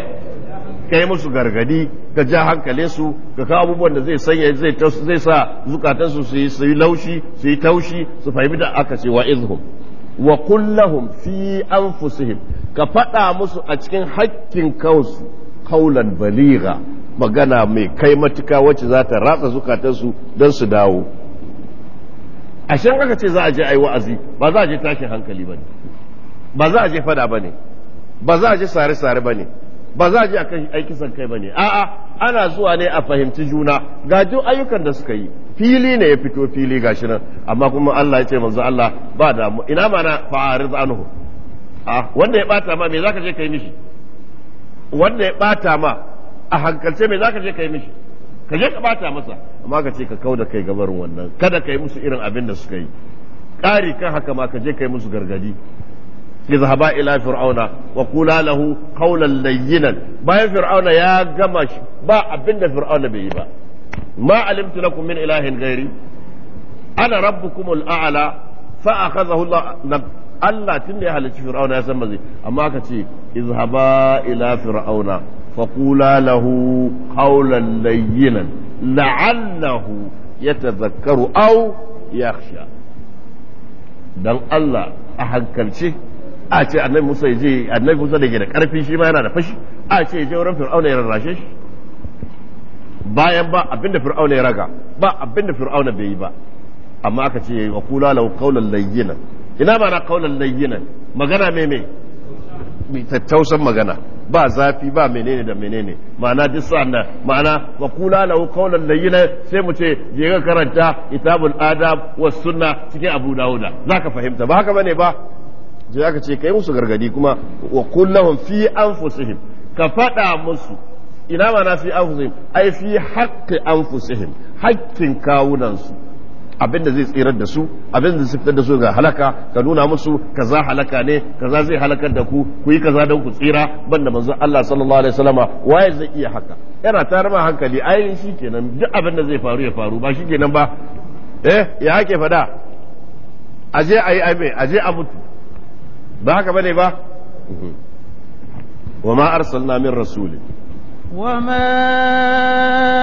S1: kai musu gargadi ka ja hankale su ka kawo abubuwan da zai sanya zai sa zukatansu su yi laushi su yi taushi su fahimta aka ce wa'izhum wa kullahum fi anfusihim ka faɗa musu a cikin haƙƙin kansu kaulan baliga magana mai kai matuka wacce za ta ratsa zukatansu don su dawo shan aka ce za a je ai wa'azi ba za a je tashin hankali ba ne ba za a je fada ba ne ba za a je sare-sare ba ne ba za a je a kai kisan kai ba ne a'a ana zuwa ne a fahimci juna ga duk ayyukan da suka yi fili ne ya fito fili gashi nan amma kuma Allah ya ce manzo Allah ba damu ina mana fa'arid anhu ah wanda ya bata ma me zaka je kai mishi wanda ya bata ma a hankalce me zaka je kai mishi ka je ka bata masa amma ka ce ka kauda kai gabarin wannan kada kai musu irin abin da suka yi ƙari kan haka ma ka je kai musu gargadi izhaba ila fir'auna wa qula lahu qawlan layyinan bayan fir'auna ya gama ba abinda fir'auna bai yi ba ma alimtu lakum ilahin ghairi ana rabbukumul a'la fa akhadhahu Allah Allah tun ya halicci fir'auna ya san bazai amma aka ce izhaba ila fir'auna faqula lahu qawlan layyinan la'allahu yatadhakkaru aw yakhsha dan Allah a hankalce a ce annabi Musa ya je annabi Musa da ke da karfi shi ma yana da fashi a ce ya je wurin fir'auna ya rarrashe shi bayan ba abinda fir'auna ya raga ba abinda fir'auna bai yi ba amma aka ce wa kula lau kaulan layyina ina ba na kaulan layyina magana mai mai mai tattausan magana ba zafi ba menene da menene ma'ana duk sa'anda ma'ana wa kula lahu qawlan layyina sai mu ce je ka karanta kitabul adab was sunna cikin abu dauda zaka fahimta ba haka bane ba je aka ce kai musu gargadi kuma wa kullahum fi anfusihim ka fada musu ina ma na fi anfusihim ai fi haqqi anfusihim haƙƙin kawunan su abinda zai tsirar da su abinda zai fitar da su ga halaka ka nuna musu kaza halaka ne kaza zai halakar da ku ku yi kaza don ku tsira banda manzon Allah sallallahu alaihi wasallama waye zai iya haka yana ma hankali ai shikenan duk abinda zai faru ya faru ba shikenan ba eh ya ake fada aje ayi abe aje a mutu ba haka bane ba wa ma arsalna min rasulin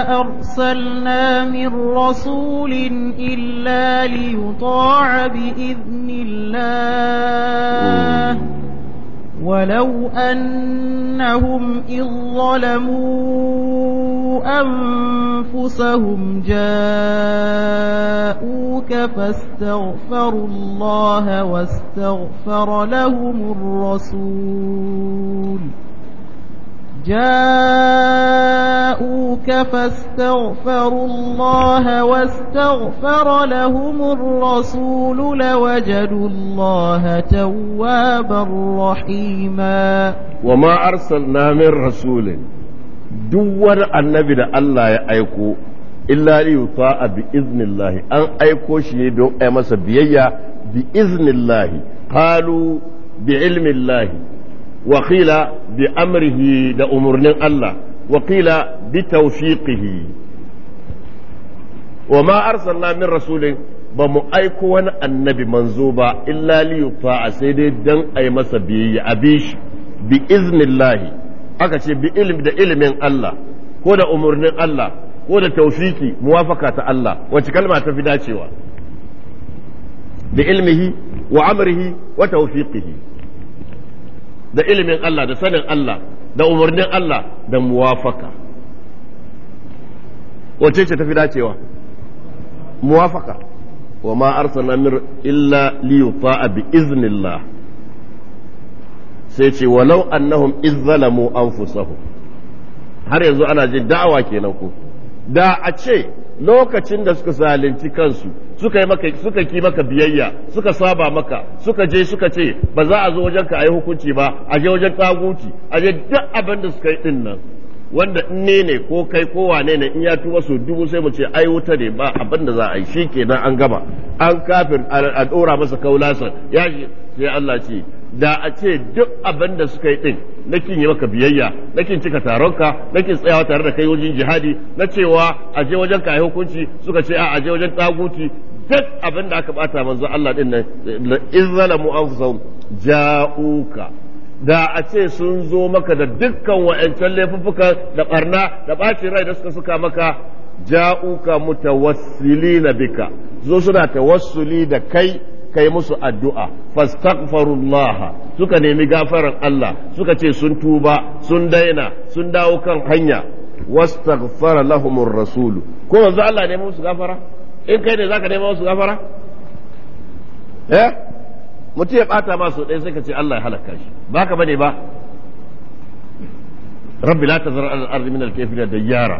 S2: arsalna min من illa li yuta'a bi idnillah ولو أنهم إذ ظلموا أنفسهم جاءوك فاستغفروا الله واستغفر لهم الرسول جاءوك فاستغفروا الله واستغفر لهم الرسول لوجدوا الله توابا رحيما وما
S1: أرسلنا من رسول دور النبي الله يأيكو illa li yuta'a bi iznillahi an aiko shi ne don ai masa biyayya bi iznillahi qalu bi ilmillahi wakila bi amrihi da umarnin Allah wakila bi tawfiqihi wa ma arsalna min rasulin ba mu aiko wani annabi manzo ba illa li a sai dai dan ai masa biyayya abish bi iznillahi aka ce bi ilmi da ilimin Allah ko da umarnin Allah ko da taufiki muwafaka ta Allah wacce kalma ta fi dacewa bi ilmihi wa amrihi wa tawfiqihi da ilimin Allah da sanin Allah da umarnin Allah da muwafaka wace ce tafi dacewa muwafaka wa ma arsalna min illa li yuta'a bi iznillah sai ce walau annahum izzalamu anfusahum har yanzu ana jin da'awa kenan ko da a ce lokacin da suka zalunci kansu suka yi maka suka ki maka biyayya suka saba maka suka je suka ce ba za a zo wajenka a ayi hukunci ba a je wajen taguci a je duk abin da suka yi din nan wanda in ne ne ko kai ko wane ne in ya tuba su dubu sai mu ce ai wuta ne ba abin da za a yi shi kenan an gama an kafin a dora masa kaulasa ya sai Allah ce da a ce duk abin da suka yi din na kin yi maka biyayya na kin cika taronka na kin tsayawa tare da kai wajen jihadi na cewa a je wajen kai hukunci suka ce a je wajen taguti duk abin da aka bata manzo Allah din nan in zalamu anfusahum ja'uka da a ce sun zo maka da dukkan wa'ancan laifuffuka da barna da bacin rai da suka suka maka ja'uka mutawassilina bika zo suna tawassuli da kai kai musu addu'a fastaghfirullah suka nemi gafaran Allah suka ce sun tuba sun daina sun dawo kan hanya wastaghfara lahumur rasulu ko manzo Allah nemi musu gafara in kai ne za ka nemi musu gafara eh mutum ya ɓata ma su ɗaya sai ka ce Allah ya halaka shi ba ka bane ba rabbi la tazar al-ardi min al da yara.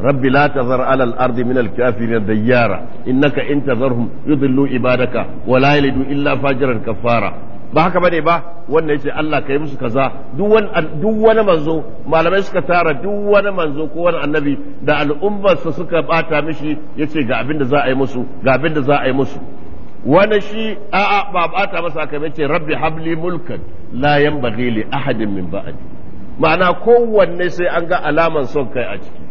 S1: rabbi la tazar ala al-ardi min al-kafirin dayyara innaka in tazarhum yudillu ibadaka wa la yalidu illa fajiran kafara ba haka bane ba wannan yace Allah kai musu kaza duk wani duk wani manzo malamai suka tara duk wani manzo ko wani annabi da al'ummarsa suka bata mishi yace ga abin da za a yi musu ga abin da za a yi musu wani shi a'a ba bata masa kai yace rabbi habli mulkan la yanbaghi li ahadin min ba'di ma'ana kowanne sai an ga alaman son kai a ciki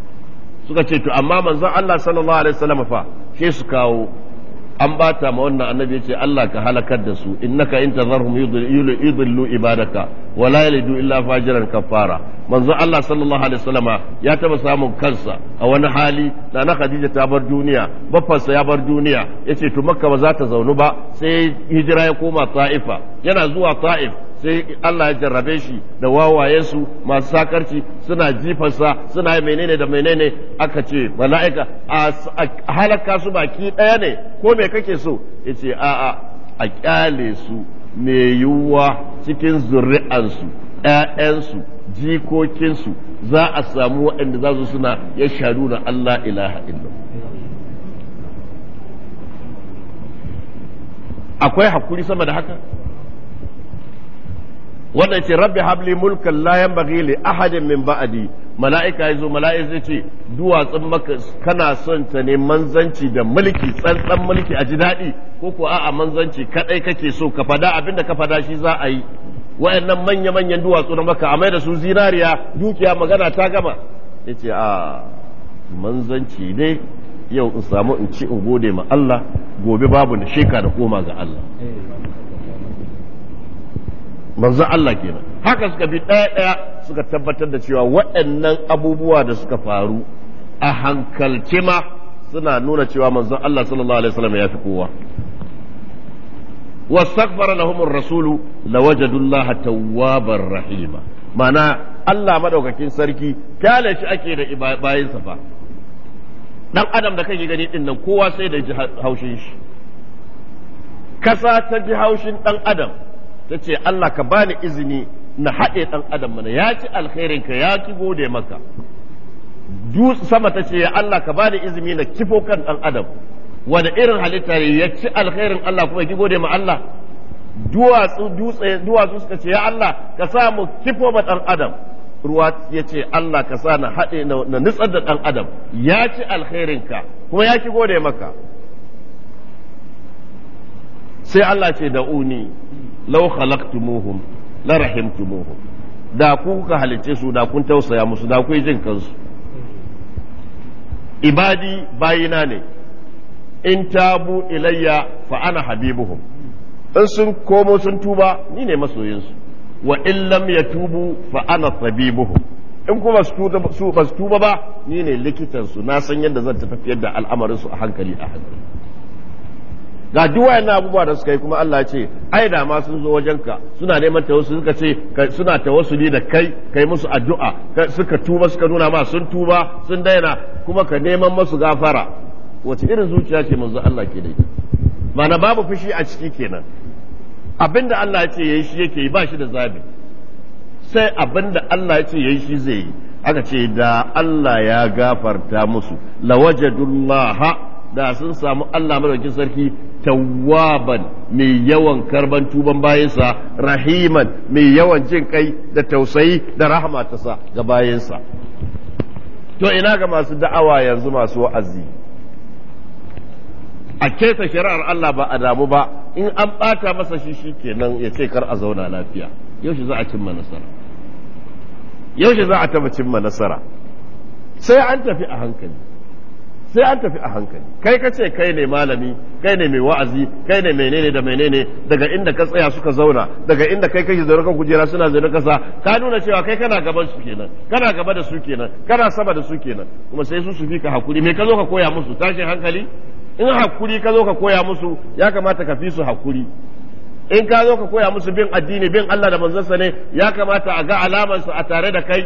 S1: suka ce to amma manzon Allah sallallahu alaihi wasallam fa sai su kawo an bata ma wannan annabi yace Allah ka halakar da su innaka in tazarhum yudillu ibadaka wa la yalidu illa fajiran kafara manzon Allah sallallahu alaihi wasallama ya taba samun kansa a wani hali na na Khadija ta bar duniya baffansa ya bar duniya yace to Makka ba za ta zaunu ba sai hijira ya koma Ta'ifa yana zuwa Ta'if sai Allah ya jarrabe shi da wawayensu masu sakarci suna jifarsa suna menene da menene aka ce mala'ika a halaka su baki ɗaya ne ko me kake so ya ce a'a a kyale su mai yiwuwa cikin zuri'ansu ‘ya'yansu jikokinsu za a samu waɗanda za su suna ya sharu na Allah ilaha illa akwai hakuri sama da haka wannan ce rabbi habli mulkan la yanbaghi li ahadin min ba'di mala'ika yazo mala'ika zai ce duwatsun maka kana son ta ne manzanci da mulki tsantsan mulki a ji daɗi ko ko a'a manzanci kadai kake so ka fada abinda ka fada shi za a yi wayannan manya-manyan duwatsu na maka a da su zinariya dukiya magana ta gama yace a manzanci dai yau in samu in ci in gode ma Allah gobe babu na sheka da koma ga Allah manzo Allah kenan haka suka bi ɗaya ɗaya suka tabbatar da cewa waɗannan abubuwa da suka faru a hankalce ma suna nuna cewa manzan Allah sallallahu alaihi wasallam ya fi kowa واستغفر لهم الرسول لوجدوا الله توابا رحيما معنى الله مدوكاكين سركي كالش أكيد باين صفا dan adam da kake gani din nan kowa sai da ji haushin shi kasa ta ji haushin dan adam ta ce Allah ka bani izini na haɗe ɗan adam mana ya ci ka ya ki gode maka sama ta ce Allah ka bani izini na kifo kan ɗan adam wani irin halitta ne ya ci alkhairin Allah kuma ki gode ma Allah duwatsu duwatsu suka ce ya Allah ka sa mu kifo ma ɗan adam ruwa ya ce Allah ka sa na haɗe na nutsar da ɗan adam ya ci ka kuma ya ki gode maka sai Allah ce da uni law khalaqtumuhum la da ku kuka halice su da kun tausaya musu da kun jin kansu ibadi bayina ne in tabu ilayya fa ana habibuhum in sun komo sun tuba ni ne masoyinsu wa in lam yatubu fa ana tabibuhum in kuma ba su tuba ba ni ne likitansu na san yadda zan tafiyar da al'amarinsu a hankali a hankali ga duk wayannan abubuwa da suka yi kuma Allah ya ce ai da ma sun zo wajenka suna neman tawassuli suka ce suna tawassuli da kai kai musu addu'a suka tuba suka nuna ma sun tuba sun daina kuma ka neman musu gafara wace irin zuciya ce manzo Allah ke da ita ma'ana babu fushi a ciki kenan abinda Allah ya ce yayi shi yake yi ba shi da zabi sai abinda Allah ya ce yayi shi zai yi aka ce da Allah ya gafarta musu lawajadullaha da sun samu Allah madaukin sarki tawwaban mai yawan karban tuban bayansa rahiman mai yawan jin kai da tausayi da rahama ta sa ga bayansa to ina ga masu da'awa yanzu masu wa'azi a keta shari'ar Allah ba a damu ba in an bata masa shi shi kenan ya ce kar a zauna lafiya yaushe za a cimma nasara yaushe za a taba cimma nasara sai an tafi a hankali sai an tafi a hankali kai ka ce kai ne malami kai ne mai wa'azi kai ne menene da menene daga inda ka tsaya suka zauna daga inda kai kake zaune kan kujera suna zaune kasa ka nuna cewa kai kana gaban su kenan kana gaba da su kenan kana sama da su kenan kuma sai su su fi ka hakuri me ka zo ka koya musu tashin hankali in hakuri ka zo ka koya musu ya kamata ka fi su hakuri in ka zo ka koya musu bin addini bin Allah da manzansa ne ya kamata a ga alamansa a tare da kai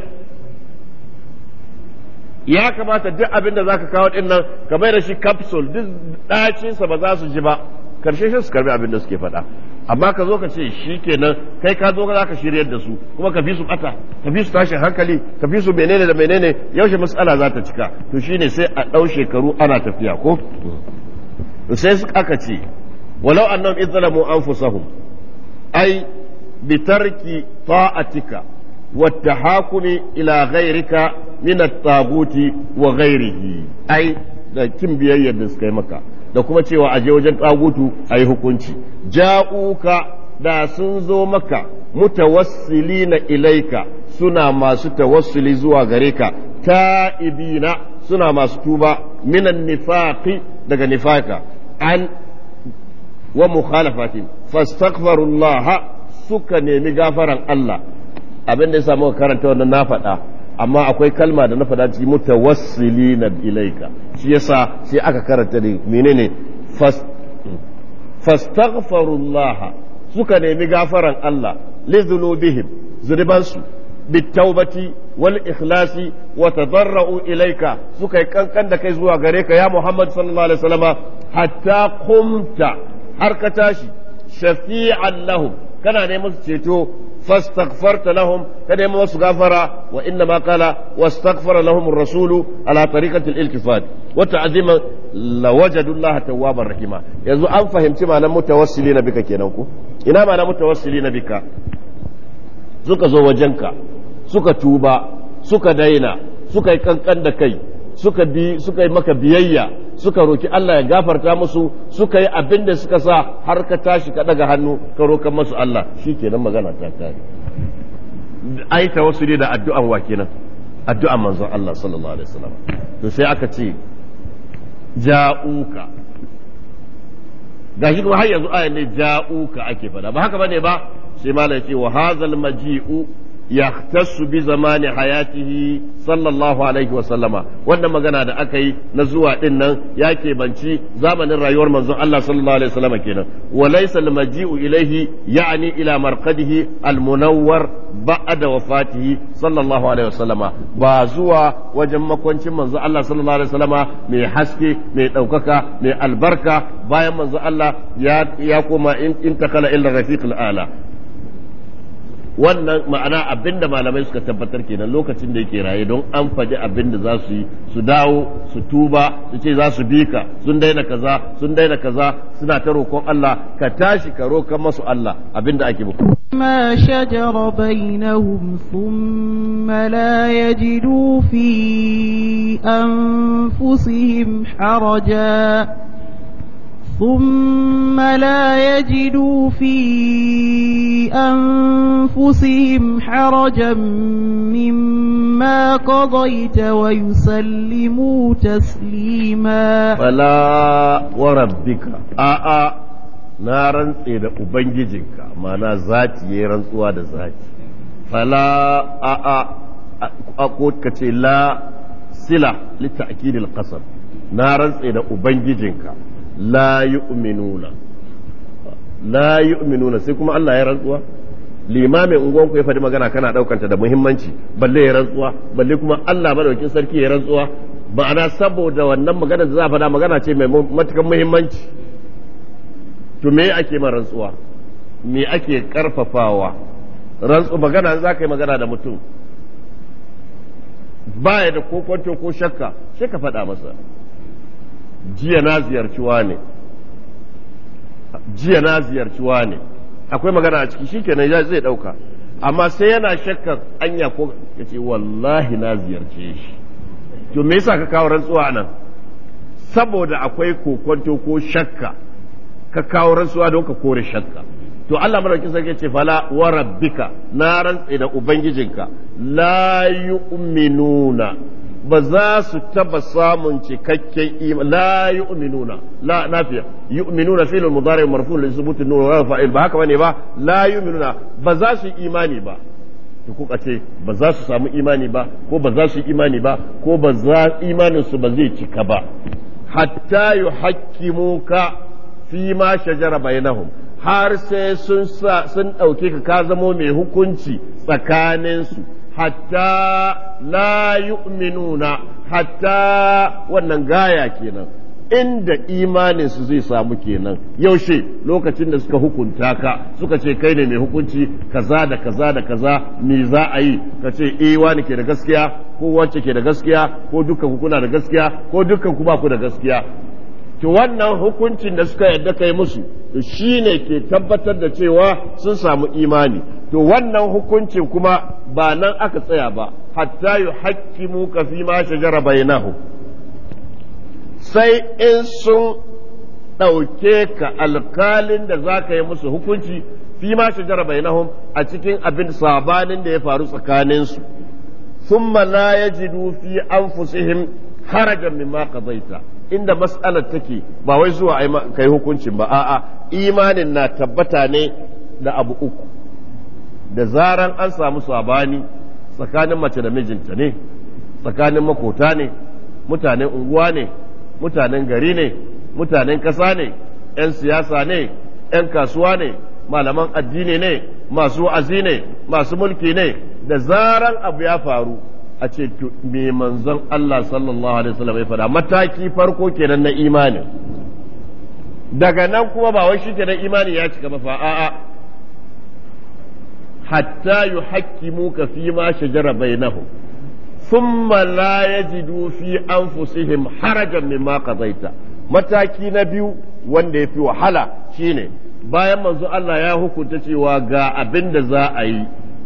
S1: ya kamata duk abin da zaka kawo din nan ka mai da shi capsule duk ɗacinsa ba za su ji ba karshe shi su karbi abin da suke faɗa amma ka zo ka ce shi kenan kai ka zo za ka shiryar da su kuma ka fi su bata ka fi su tashin hankali ka fi su menene da menene yaushe matsala za ta cika to shine sai a ɗau shekaru ana tafiya ko sai su aka ce walau annahum an anfusahum ai bitarki ta'atika والتحاكم إلى غيرك من الطاغوت وغيره أي da kin biyayyar da suka yi maka da kuma cewa aje wajen ɗagutu a yi hukunci ja'uka da sun zo maka na ilaika suna masu tawassuli zuwa gare ka ta'ibina suna masu tuba minan nifaqi daga nifaka an wa mukhalafatin fastaghfirullah suka nemi gafaran Allah abin da ya samu karanta wannan na faɗa amma akwai kalma da na faɗa ci wasili na ilaika shi yasa sai aka karanta ne menene fastaghfirullah suka nemi gafaran Allah li dhunubihim zunubansu بالتوبة والإخلاص وتضرعوا إليك سكي كان كان دكي زوا غريك يا محمد صلى الله عليه وسلم حتى قمت حركة kana ne musu ceto fastaghfarta lahum kada yi musu gafara wa inna ma qala wastaghfara lahum ar-rasul ala tariqati al-iltifat wa ta'zima Allah tawwaban rahima yanzu an fahimci malam mutawassilina bika kenan ku ina malam mutawassilina bika suka zo wajenka suka tuba suka daina suka yi kankan da kai suka bi suka yi maka biyayya suka roki Allah ya gafarta musu suka yi abin da suka sa har ka tashi ka daga hannu ka rokan masu Allah shi kenan magana ta kare wasu ne da addu'an wa kenan addu'an manzon Allah sallallahu alaihi wasallam to sai aka ce ja'uka gashi kuma har yanzu ayan ja'uka ake fada ba haka bane ba sai malaki ce wa hazal maji'u يختص بزمان حياته sallallahu alaihi wa sallama wannan magana da aka yi na zuwa din nan ya keɓanci zamanin rayuwar manzon Allah sallallahu alaihi wa sallama kenan walaysa almaji'u ilayhi ya'ni ila marqadihi almunawwar ba'da wafatihi sallallahu alaihi wa sallama ba zuwa wajen makwancin manzon Allah sallallahu alaihi wa sallama mai haske mai daukaka mai albarka bayan manzon Allah ya koma in intakala ila rafiqil ala wannan ma'ana abinda malamai suka tabbatar kenan lokacin da yake raye don an faɗi abinda za su yi su dawo su tuba su ce za su bi ka sun daina kaza sun daina kaza suna ta roƙon Allah ka tashi ka roka masu Allah abinda ake buƙata
S2: ما شجر بينهم ثم لا يجدوا في أنفسهم حرجا ثم لا يجدوا في أنفسهم حرجا مما قضيت ويسلموا تسليما
S1: فلا وربك آآ آه نارن سيد أبنججك ما نزات يرن سواد زات فلا آآ آه أقول كتلا سلة لتأكيد القصد نارن سيد جنكا la yu'minuna la yu'minuna sai kuma Allah ya rantsuwa limamin unguwan ku ya faɗi magana kana ɗaukanta da muhimmanci balle ya rantsuwa balle kuma Allah madaukin sarki ya rantsuwa ma'ana saboda wannan magana da za a faɗa magana ce mai matukan muhimmanci to me ake ma rantsuwa me ake karfafawa rantsu magana za ka yi magana da mutum baya da ko kwanto ko shakka sai ka faɗa masa jiya na ziyarci wane jiya na ziyarci wane akwai magana a ciki shikenan ya zai dauka amma sai yana shakkar anya ko ya wallahi na ziyarce shi to me yasa ka kawo rantsuwa nan saboda akwai kokonto ko shakka ka kawo rantsuwa don ka kore shakka to Allah madaukin sarki ce fala wa rabbika na rantse da ubangijinka la yu'minuna ba za su taba samun cikakken iman la yu'minuna la nafiya yu'minuna al mudari marfu' li thubuti an-nur wa fa'il ba haka bane ba la yu'minuna ba za su imani ba to kuka ce ba za su samu imani ba ko ba za su imani ba ko ba za imanin su ba zai cika ba hatta yuhaqqimuka fi ma shajara bainahum har sai sun sa sun dauke ka ka zamo mai hukunci tsakaninsu su hatta la yu'minuna hatta wannan gaya kenan inda imanin su zai samu kenan yaushe lokacin da suka hukunta ka suka ce kai ne mai hukunci kaza da kaza da kaza me za a yi ka ce eh wani ke da gaskiya ko wacce ke da gaskiya ko dukkan ku kuna da gaskiya ko dukkan ku ba ku da gaskiya to wannan hukuncin da suka yarda kai musu to shine ke tabbatar da cewa sun samu imani to wannan hukuncin kuma ba nan aka tsaya ba hatta yu hakkimu ka fi ma shajara bainahu sai in sun ɗauke ka alkalin da za ka yi musu hukunci fi ma shajara a cikin abin sabanin da ya faru tsakaninsu thumma la yajidu fi anfusihim harajan mimma qadaita inda mas'alar take ba wai zuwa kai hukuncin ba a'a imanin na tabbata ne da abu uku da zaran an samu sabani tsakanin mace da mijinta ne tsakanin makota ne mutanen unguwa ne mutanen gari ne mutanen ƙasa ne 'yan siyasa ne 'yan kasuwa ne malaman addini ne masu wa'azi ne masu mulki ne da zaran abu ya faru a ce mai manzon Allah sallallahu alaihi wasallam ya fada mataki farko kenan na imani daga nan kuma ba wai shi na imani ya cika ba a'a hatta yuhaqqimuka fi ma shajara bainahum thumma la yajidu fi anfusihim harajan mimma qadaita mataki na biyu wanda yafi wahala shine bayan manzo Allah ya hukunta cewa ga abin da za a yi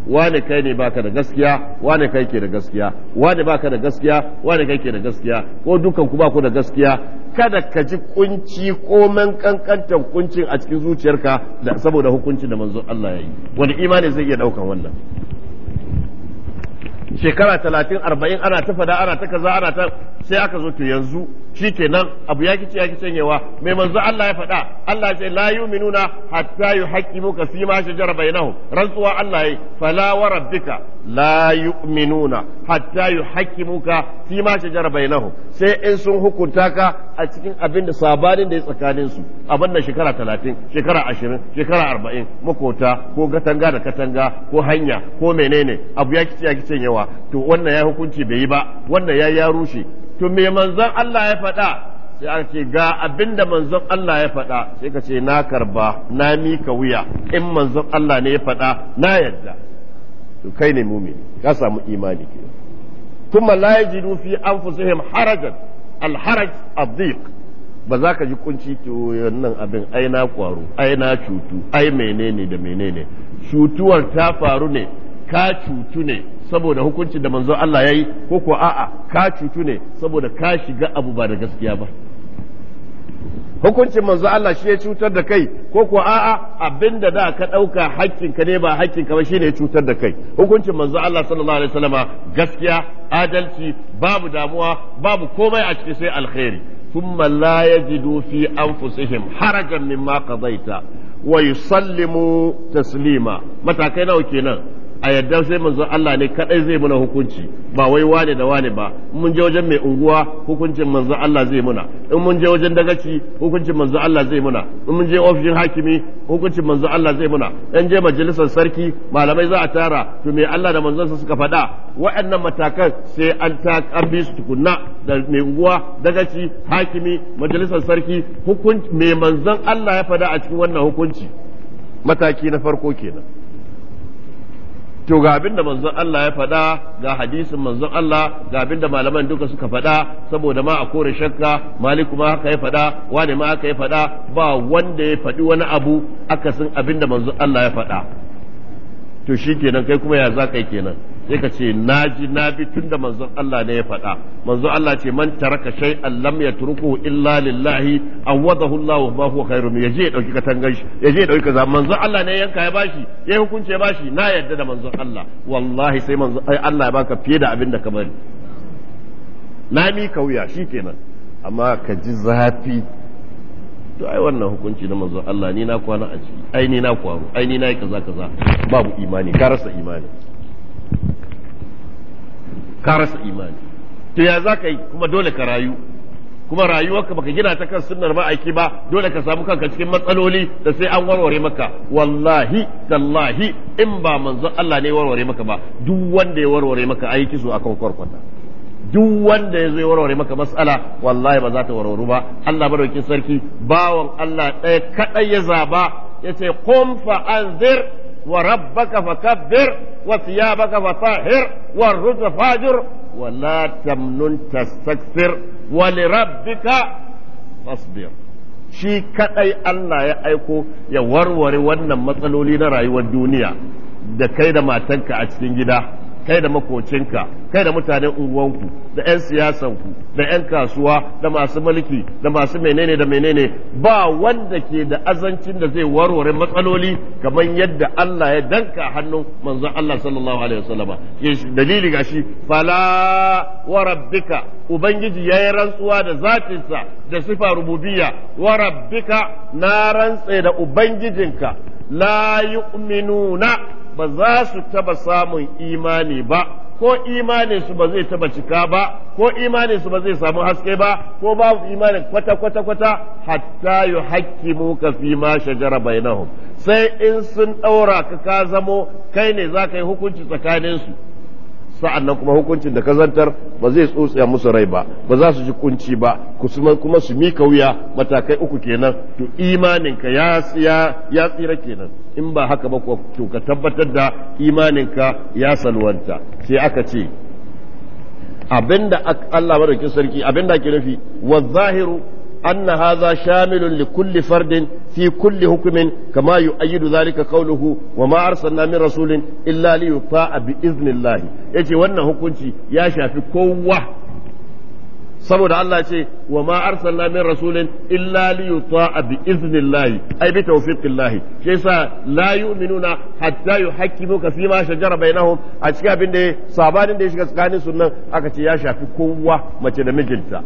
S1: wane kai ne baka da gaskiya wane kai ke da gaskiya wane baka da gaskiya wane kai ke da gaskiya ko dukan ku baku da gaskiya kada ka ji kunci man kankantar kuncin a cikin zuciyarka saboda hukuncin da manzon Allah ya yi wani imani zai iya daukan wannan shekara talatin arba'in ana ta fada ana ta kaza ana ta sai aka zo to yanzu shi kenan abu ya kice ya ki canyewa mai manzo Allah ya faɗa Allah ya ce la yu'minuna hatta ka fi ma shajara bainahum rantsuwa Allah yayi fala wa rabbika la yu'minuna hatta ka fi ma shajara bainahum sai in sun hukunta ka a cikin abin da sabanin da ya tsakanin su abin da shekara talatin shekara ashirin shekara arba'in makota ko katanga da katanga ko hanya ko menene abu ya kice ya ki canyewa cewa to wannan ya hukunci bai yi ba wannan ya ya rushe to me manzon Allah ya faɗa sai aka ce ga abinda manzon Allah ya faɗa sai ka ce na karba na mika wuya in manzon Allah ne ya faɗa na yadda to kai ne mumini ka samu imani ke kuma la yajidu fi anfusihim harajan al haraj ba za ka ji kunci wannan abin ai na kwaro ai na cutu ai menene da menene cutuwar ta faru ne ka cutu ne saboda hukuncin da manzon Allah yi ko ko a'a ka cutu ne saboda ka shiga abu ba da gaskiya ba hukuncin manzo Allah shi ya cutar da kai ko ko a'a abinda da ka dauka hakkinka ne ba hakkinka ba shine ya cutar da kai hukuncin manzo Allah sallallahu alaihi wasallama gaskiya adalci babu damuwa babu komai a ciki sai alkhairi thumma la yajidu fi anfusihim harajan mimma wai wa yusallimu taslima matakai nawa kenan a yadda sai manzon Allah ne kadai zai muna hukunci ba wai wane da wane ba mun je wajen mai unguwa hukuncin manzon Allah zai muna in mun je wajen dagaci hukuncin manzon Allah zai muna in mun je ofishin hakimi hukuncin manzon Allah zai muna in je majalisar sarki malamai za a tara to me Allah da manzon sa suka faɗa waɗannan matakan sai an ta an bi su tukunna da mai unguwa dagaci hakimi majalisar sarki hukunci me manzon Allah ya faɗa a cikin wannan hukunci mataki na farko kenan to ga abin da manzon Allah ya faɗa ga hadisin manzon Allah ga abin da malaman duka suka faɗa saboda ma a kore shakka maliku ma haka ya faɗa wane ma haka ya faɗa ba wanda ya faɗi wani abu akasin abin da manzon Allah ya faɗa to shi kenan kai kuma ya za kai kenan sai ce na ji na bi tun da manzon Allah ne ya faɗa manzon Allah ce man taraka shay'an lam yatruku illa lillahi awadahu Allahu ma huwa khairu ya je ya dauki katangan shi ya je ya dauki kaza manzon Allah ne yanka ya bashi ya hukunce bashi na yadda da manzon Allah wallahi sai manzon Allah ya baka fiye da abin da ka bari na mi kauya shikenan amma ka ji zafi to ai wannan hukunci na manzon Allah ni na kwana a ciki ai ni na kwaro ai ni na yi kaza kaza babu imani ka rasa imani ka rasa imani to ya za ka yi kuma dole ka rayu kuma rayuwarka baka gina ta kan sunnar ma'aiki ba dole ka samu kanka cikin matsaloli da sai an warware maka wallahi tallahi in ba manzo Allah ne warware maka ba duk wanda ya warware maka ai kiso akan kwarkwata duk wanda ya zai warware maka matsala wallahi ba za ta warwaru ba Allah madaukin sarki bawan Allah ɗaya kaɗai ya zaba ya ce qum fa anzir وربك فكبر وثيابك فطهر والرجل فاجر ولا تمنن تستكثر ولربك فاصبر shi kaɗai Allah ya aiko ya warware wannan matsaloli na rayuwar duniya da kai da matarka a cikin gida kai da makocinka kai da mutanen unguwanku da 'yan ku da 'yan kasuwa da masu mulki da masu menene da menene ba wanda ke da azancin da zai warware matsaloli kamar yadda Allah ya danka hannun manzon Allah sallallahu alaihi wasallama dalili gashi fala wa rabbika ubangiji yayi rantsuwa da zatinsa da sifa rububiyya wa rabbika na rantse da ubangijinka la yu'minuna ba za su taba samun imani ba ko imani su ba zai taba cika ba ko imani su ba zai samu haske ba ko babu imani kwata kwata kwata hatta yu yuhaqqimu ka fi ma shajara bainahum sai in sun ɗaura ka ka zamo kai ne za ka yi hukunci tsakaninsu sa'an nan kuma hukuncin da kazantar ba zai tsotsiya musu rai ba ba za su ji kunci ba kuma su mika wuya matakai uku kenan to imaninka ya tsira kenan in ba haka ba kuwa to ka tabbatar da imaninka ya salwanta sai aka ce abinda Allah madaukakin sarki abinda ke nufi wa zahiru أن هذا شامل لكل فرد في كل حكم كما يؤيد ذلك قوله وما أرسلنا من رسول إلا ليطاع بإذن الله يجي وانا حكمتي يا شافي قوة saboda Allah ce wa ma arsalna min rasulin illa li yuta'a bi iznillahi ay bi tawfiqillahi shi yasa la yu'minuna hatta yuhakkimuka fi ma shajara bainahum a cikin abin da sabanin da ya shiga tsakanin sunan aka ce ya shafi kowa mace da mijinta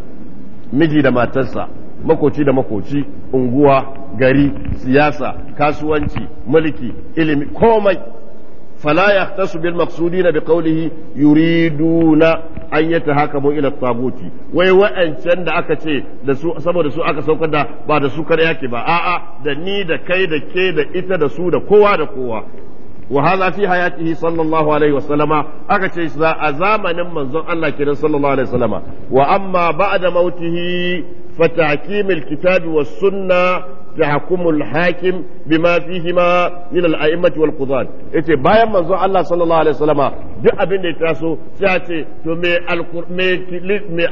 S1: miji da matarsa makoci da makoci unguwa gari siyasa kasuwanci mulki ilimi komai fala yahtasu bil maqsudina bi qawlihi yuriduna an yatahakamu ila taguti wai wa'ancan da aka ce da su saboda su aka saukar da ba da su kada yake ba a'a da ni da kai da ke da ita da su da kowa da kowa wa hadha fi hayatihi sallallahu alaihi wasallama aka ce za a zamanin manzon Allah kenan sallallahu alaihi wasallama wa amma ba'da mautihi fa ta'kimil kitabi wa sunna يحكم الحاكم بما فيهما من الأئمة والقضاة ce bayan منزو Allah صلى الله عليه وسلم duk abin da ya taso sai a ce to me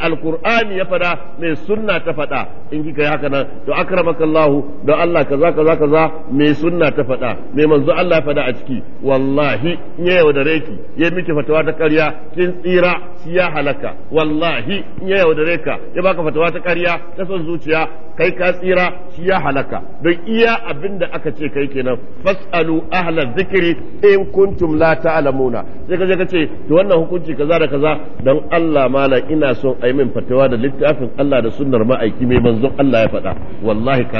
S1: alkur'ani ya faɗa me sunna ta faɗa in kika yi haka nan to akramakallahu da Allah kaza kaza kaza me sunna ta faɗa me manzo Allah faɗa a ciki wallahi in ya yaudare ki ya miki fatawa ta ƙarya kin tsira shi ya halaka wallahi in ya yaudare ka ya baka fatawa ta ƙarya ta son zuciya kai ka tsira shi ya halaka haka don iya abin da aka ce kai kenan fasalu ahla zikiri in kuntum la ta'lamuna sai ka je ce to wannan hukunci kaza da kaza don Allah malam ina son ai min fatawa da littafin Allah da sunnar ma'aiki mai manzon Allah ya faɗa wallahi ka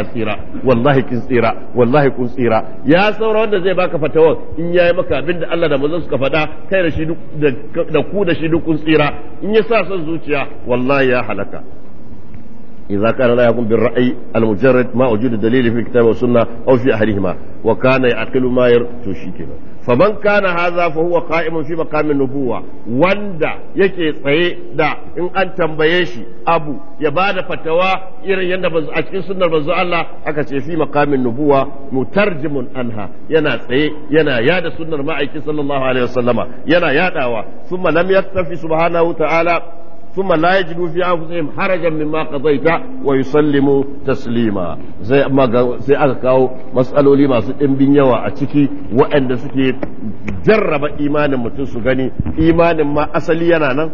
S1: wallahi kin tsira wallahi kun tsira ya saura wanda zai baka fatawa in yayi maka abin da Allah da manzon suka faɗa kai da shi da ku da shi duk kun tsira in ya sa son zuciya wallahi ya halaka إذا كان لا يقوم بالرأي المجرد ما وجود دليل في الكتاب والسنة أو في أحدهما وكان يعقل ما يرتشيكنا فمن كان هذا فهو قائم في مقام النبوة واندا يكي tsaye da in an tambaye shi abu ya ba da fatawa irin yadda a cikin sunnar manzo Allah aka ce fi maqamin nubuwa mutarjimun anha yana tsaye yana yada sunnar ma'aiki sallallahu alaihi wasallama yana yadawa thumma lam yaktafi ta'ala ثم لا يجدوا في أنفسهم حرجا مما قضيت ويسلموا تسليما زي ما زي أكاو مسألة لي ما ciki بنيوا suke jarraba imanin جرب إيمان imanin غني إيمان ما أصلي ينانا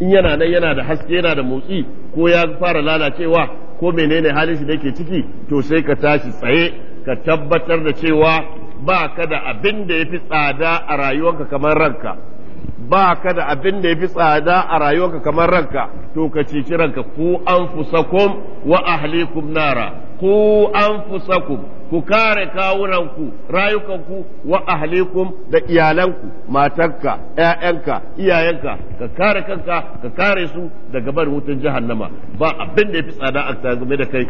S1: in yana nan yana da haske yana da motsi ko ya fara lalacewa ko menene halin shi da yake ciki to sai ka tashi tsaye ka tabbatar da cewa ba ka da abin da ya fi tsada a rayuwarka kamar ranka ba ka da abin da ya fi tsada a rayuwarka kamar ranka to ka ceci ranka ku an fusakum wa ahlikum nara ku an fusakum ku kare kawunanku rayukanku wa ahlikum da iyalanku matarka ƴaƴanka iyayenka ka kare kanka ka kare su daga barin wutan jahannama ba abin da ya fi tsada a game da kai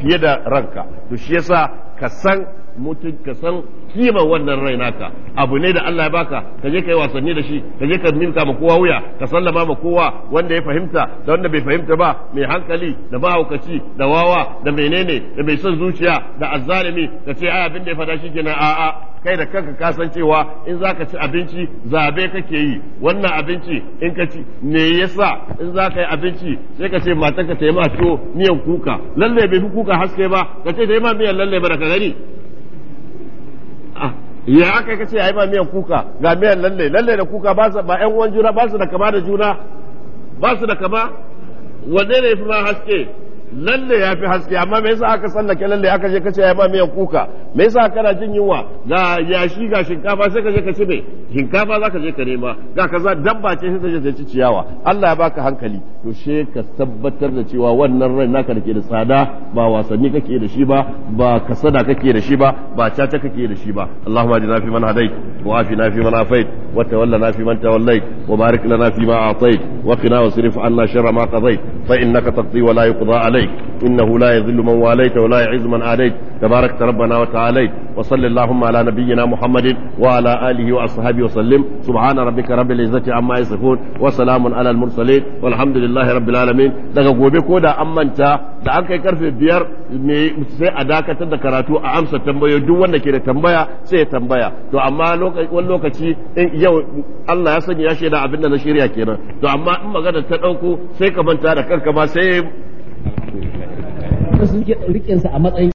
S1: fiye da ranka to shi yasa ka san mutun ka san kima wannan rai naka abu ne da Allah ya baka ka je kai wasanni da shi ka je ka minta ma kowa wuya ka sallama ma kowa wanda ya fahimta da wanda bai fahimta ba mai hankali da mahaukaci da wawa da menene da mai son zuciya da azzalimi ka ce ai abin da ya fada shi kenan a'a kai da kanka ka san cewa in za ci abinci zabe kake yi wannan abinci in ka ci me yasa in za yi abinci sai ka ce matanka ta yi ma tuwo miyan kuka lalle bai fi kuka haske ba ka ce ta yi ma miyan lalle ba da ka gani ya aka kace yi ma miyan kuka ga miyan lalle lalle da kuka ba su ba ƴan uwan juna ba su da kama da juna ba su da kama wanne ne fi ma haske lalle ya fi haske amma me yasa aka sallake lalle aka je kace ya ma miyan kuka me yasa kana jin yunwa ga yashi ga shinkafa sai ka je ka ci me shinkafa zaka je ka nema ga kaza dabba ce sai ka je ka ci ciyawa Allah ya baka hankali to she ka tabbatar da cewa wannan rai naka da ke da tsada ba wasanni kake da shi ba ba kasada kake da shi ba ba caca kake da shi ba Allahumma ajina fi man hadait wa na fi man afait wa tawallana fi man tawallait wa barik lana fi ma a'tait wa qina wasrif anna sharra ma qadait fa innaka taqdi wa la yuqda alayk عليك إنه لا يذل من واليت ولا يعز من آديت تبارك ربنا وتعاليت وصل اللهم على نبينا محمد وعلى آله وأصحابه وسلم سبحان ربك رب العزة عما يصفون وسلام على المرسلين والحمد لله رب العالمين daga gobe ko da an manta da an kai karfe biyar sai a dakatar da karatu a amsa tambayo duk wanda ke da tambaya sai ya tambaya to amma wani lokaci yau Allah ya sani ya shaida abin da na shirya kenan to amma in magana ta ɗauko sai ka manta da kanka sai sun rike sa a matsayin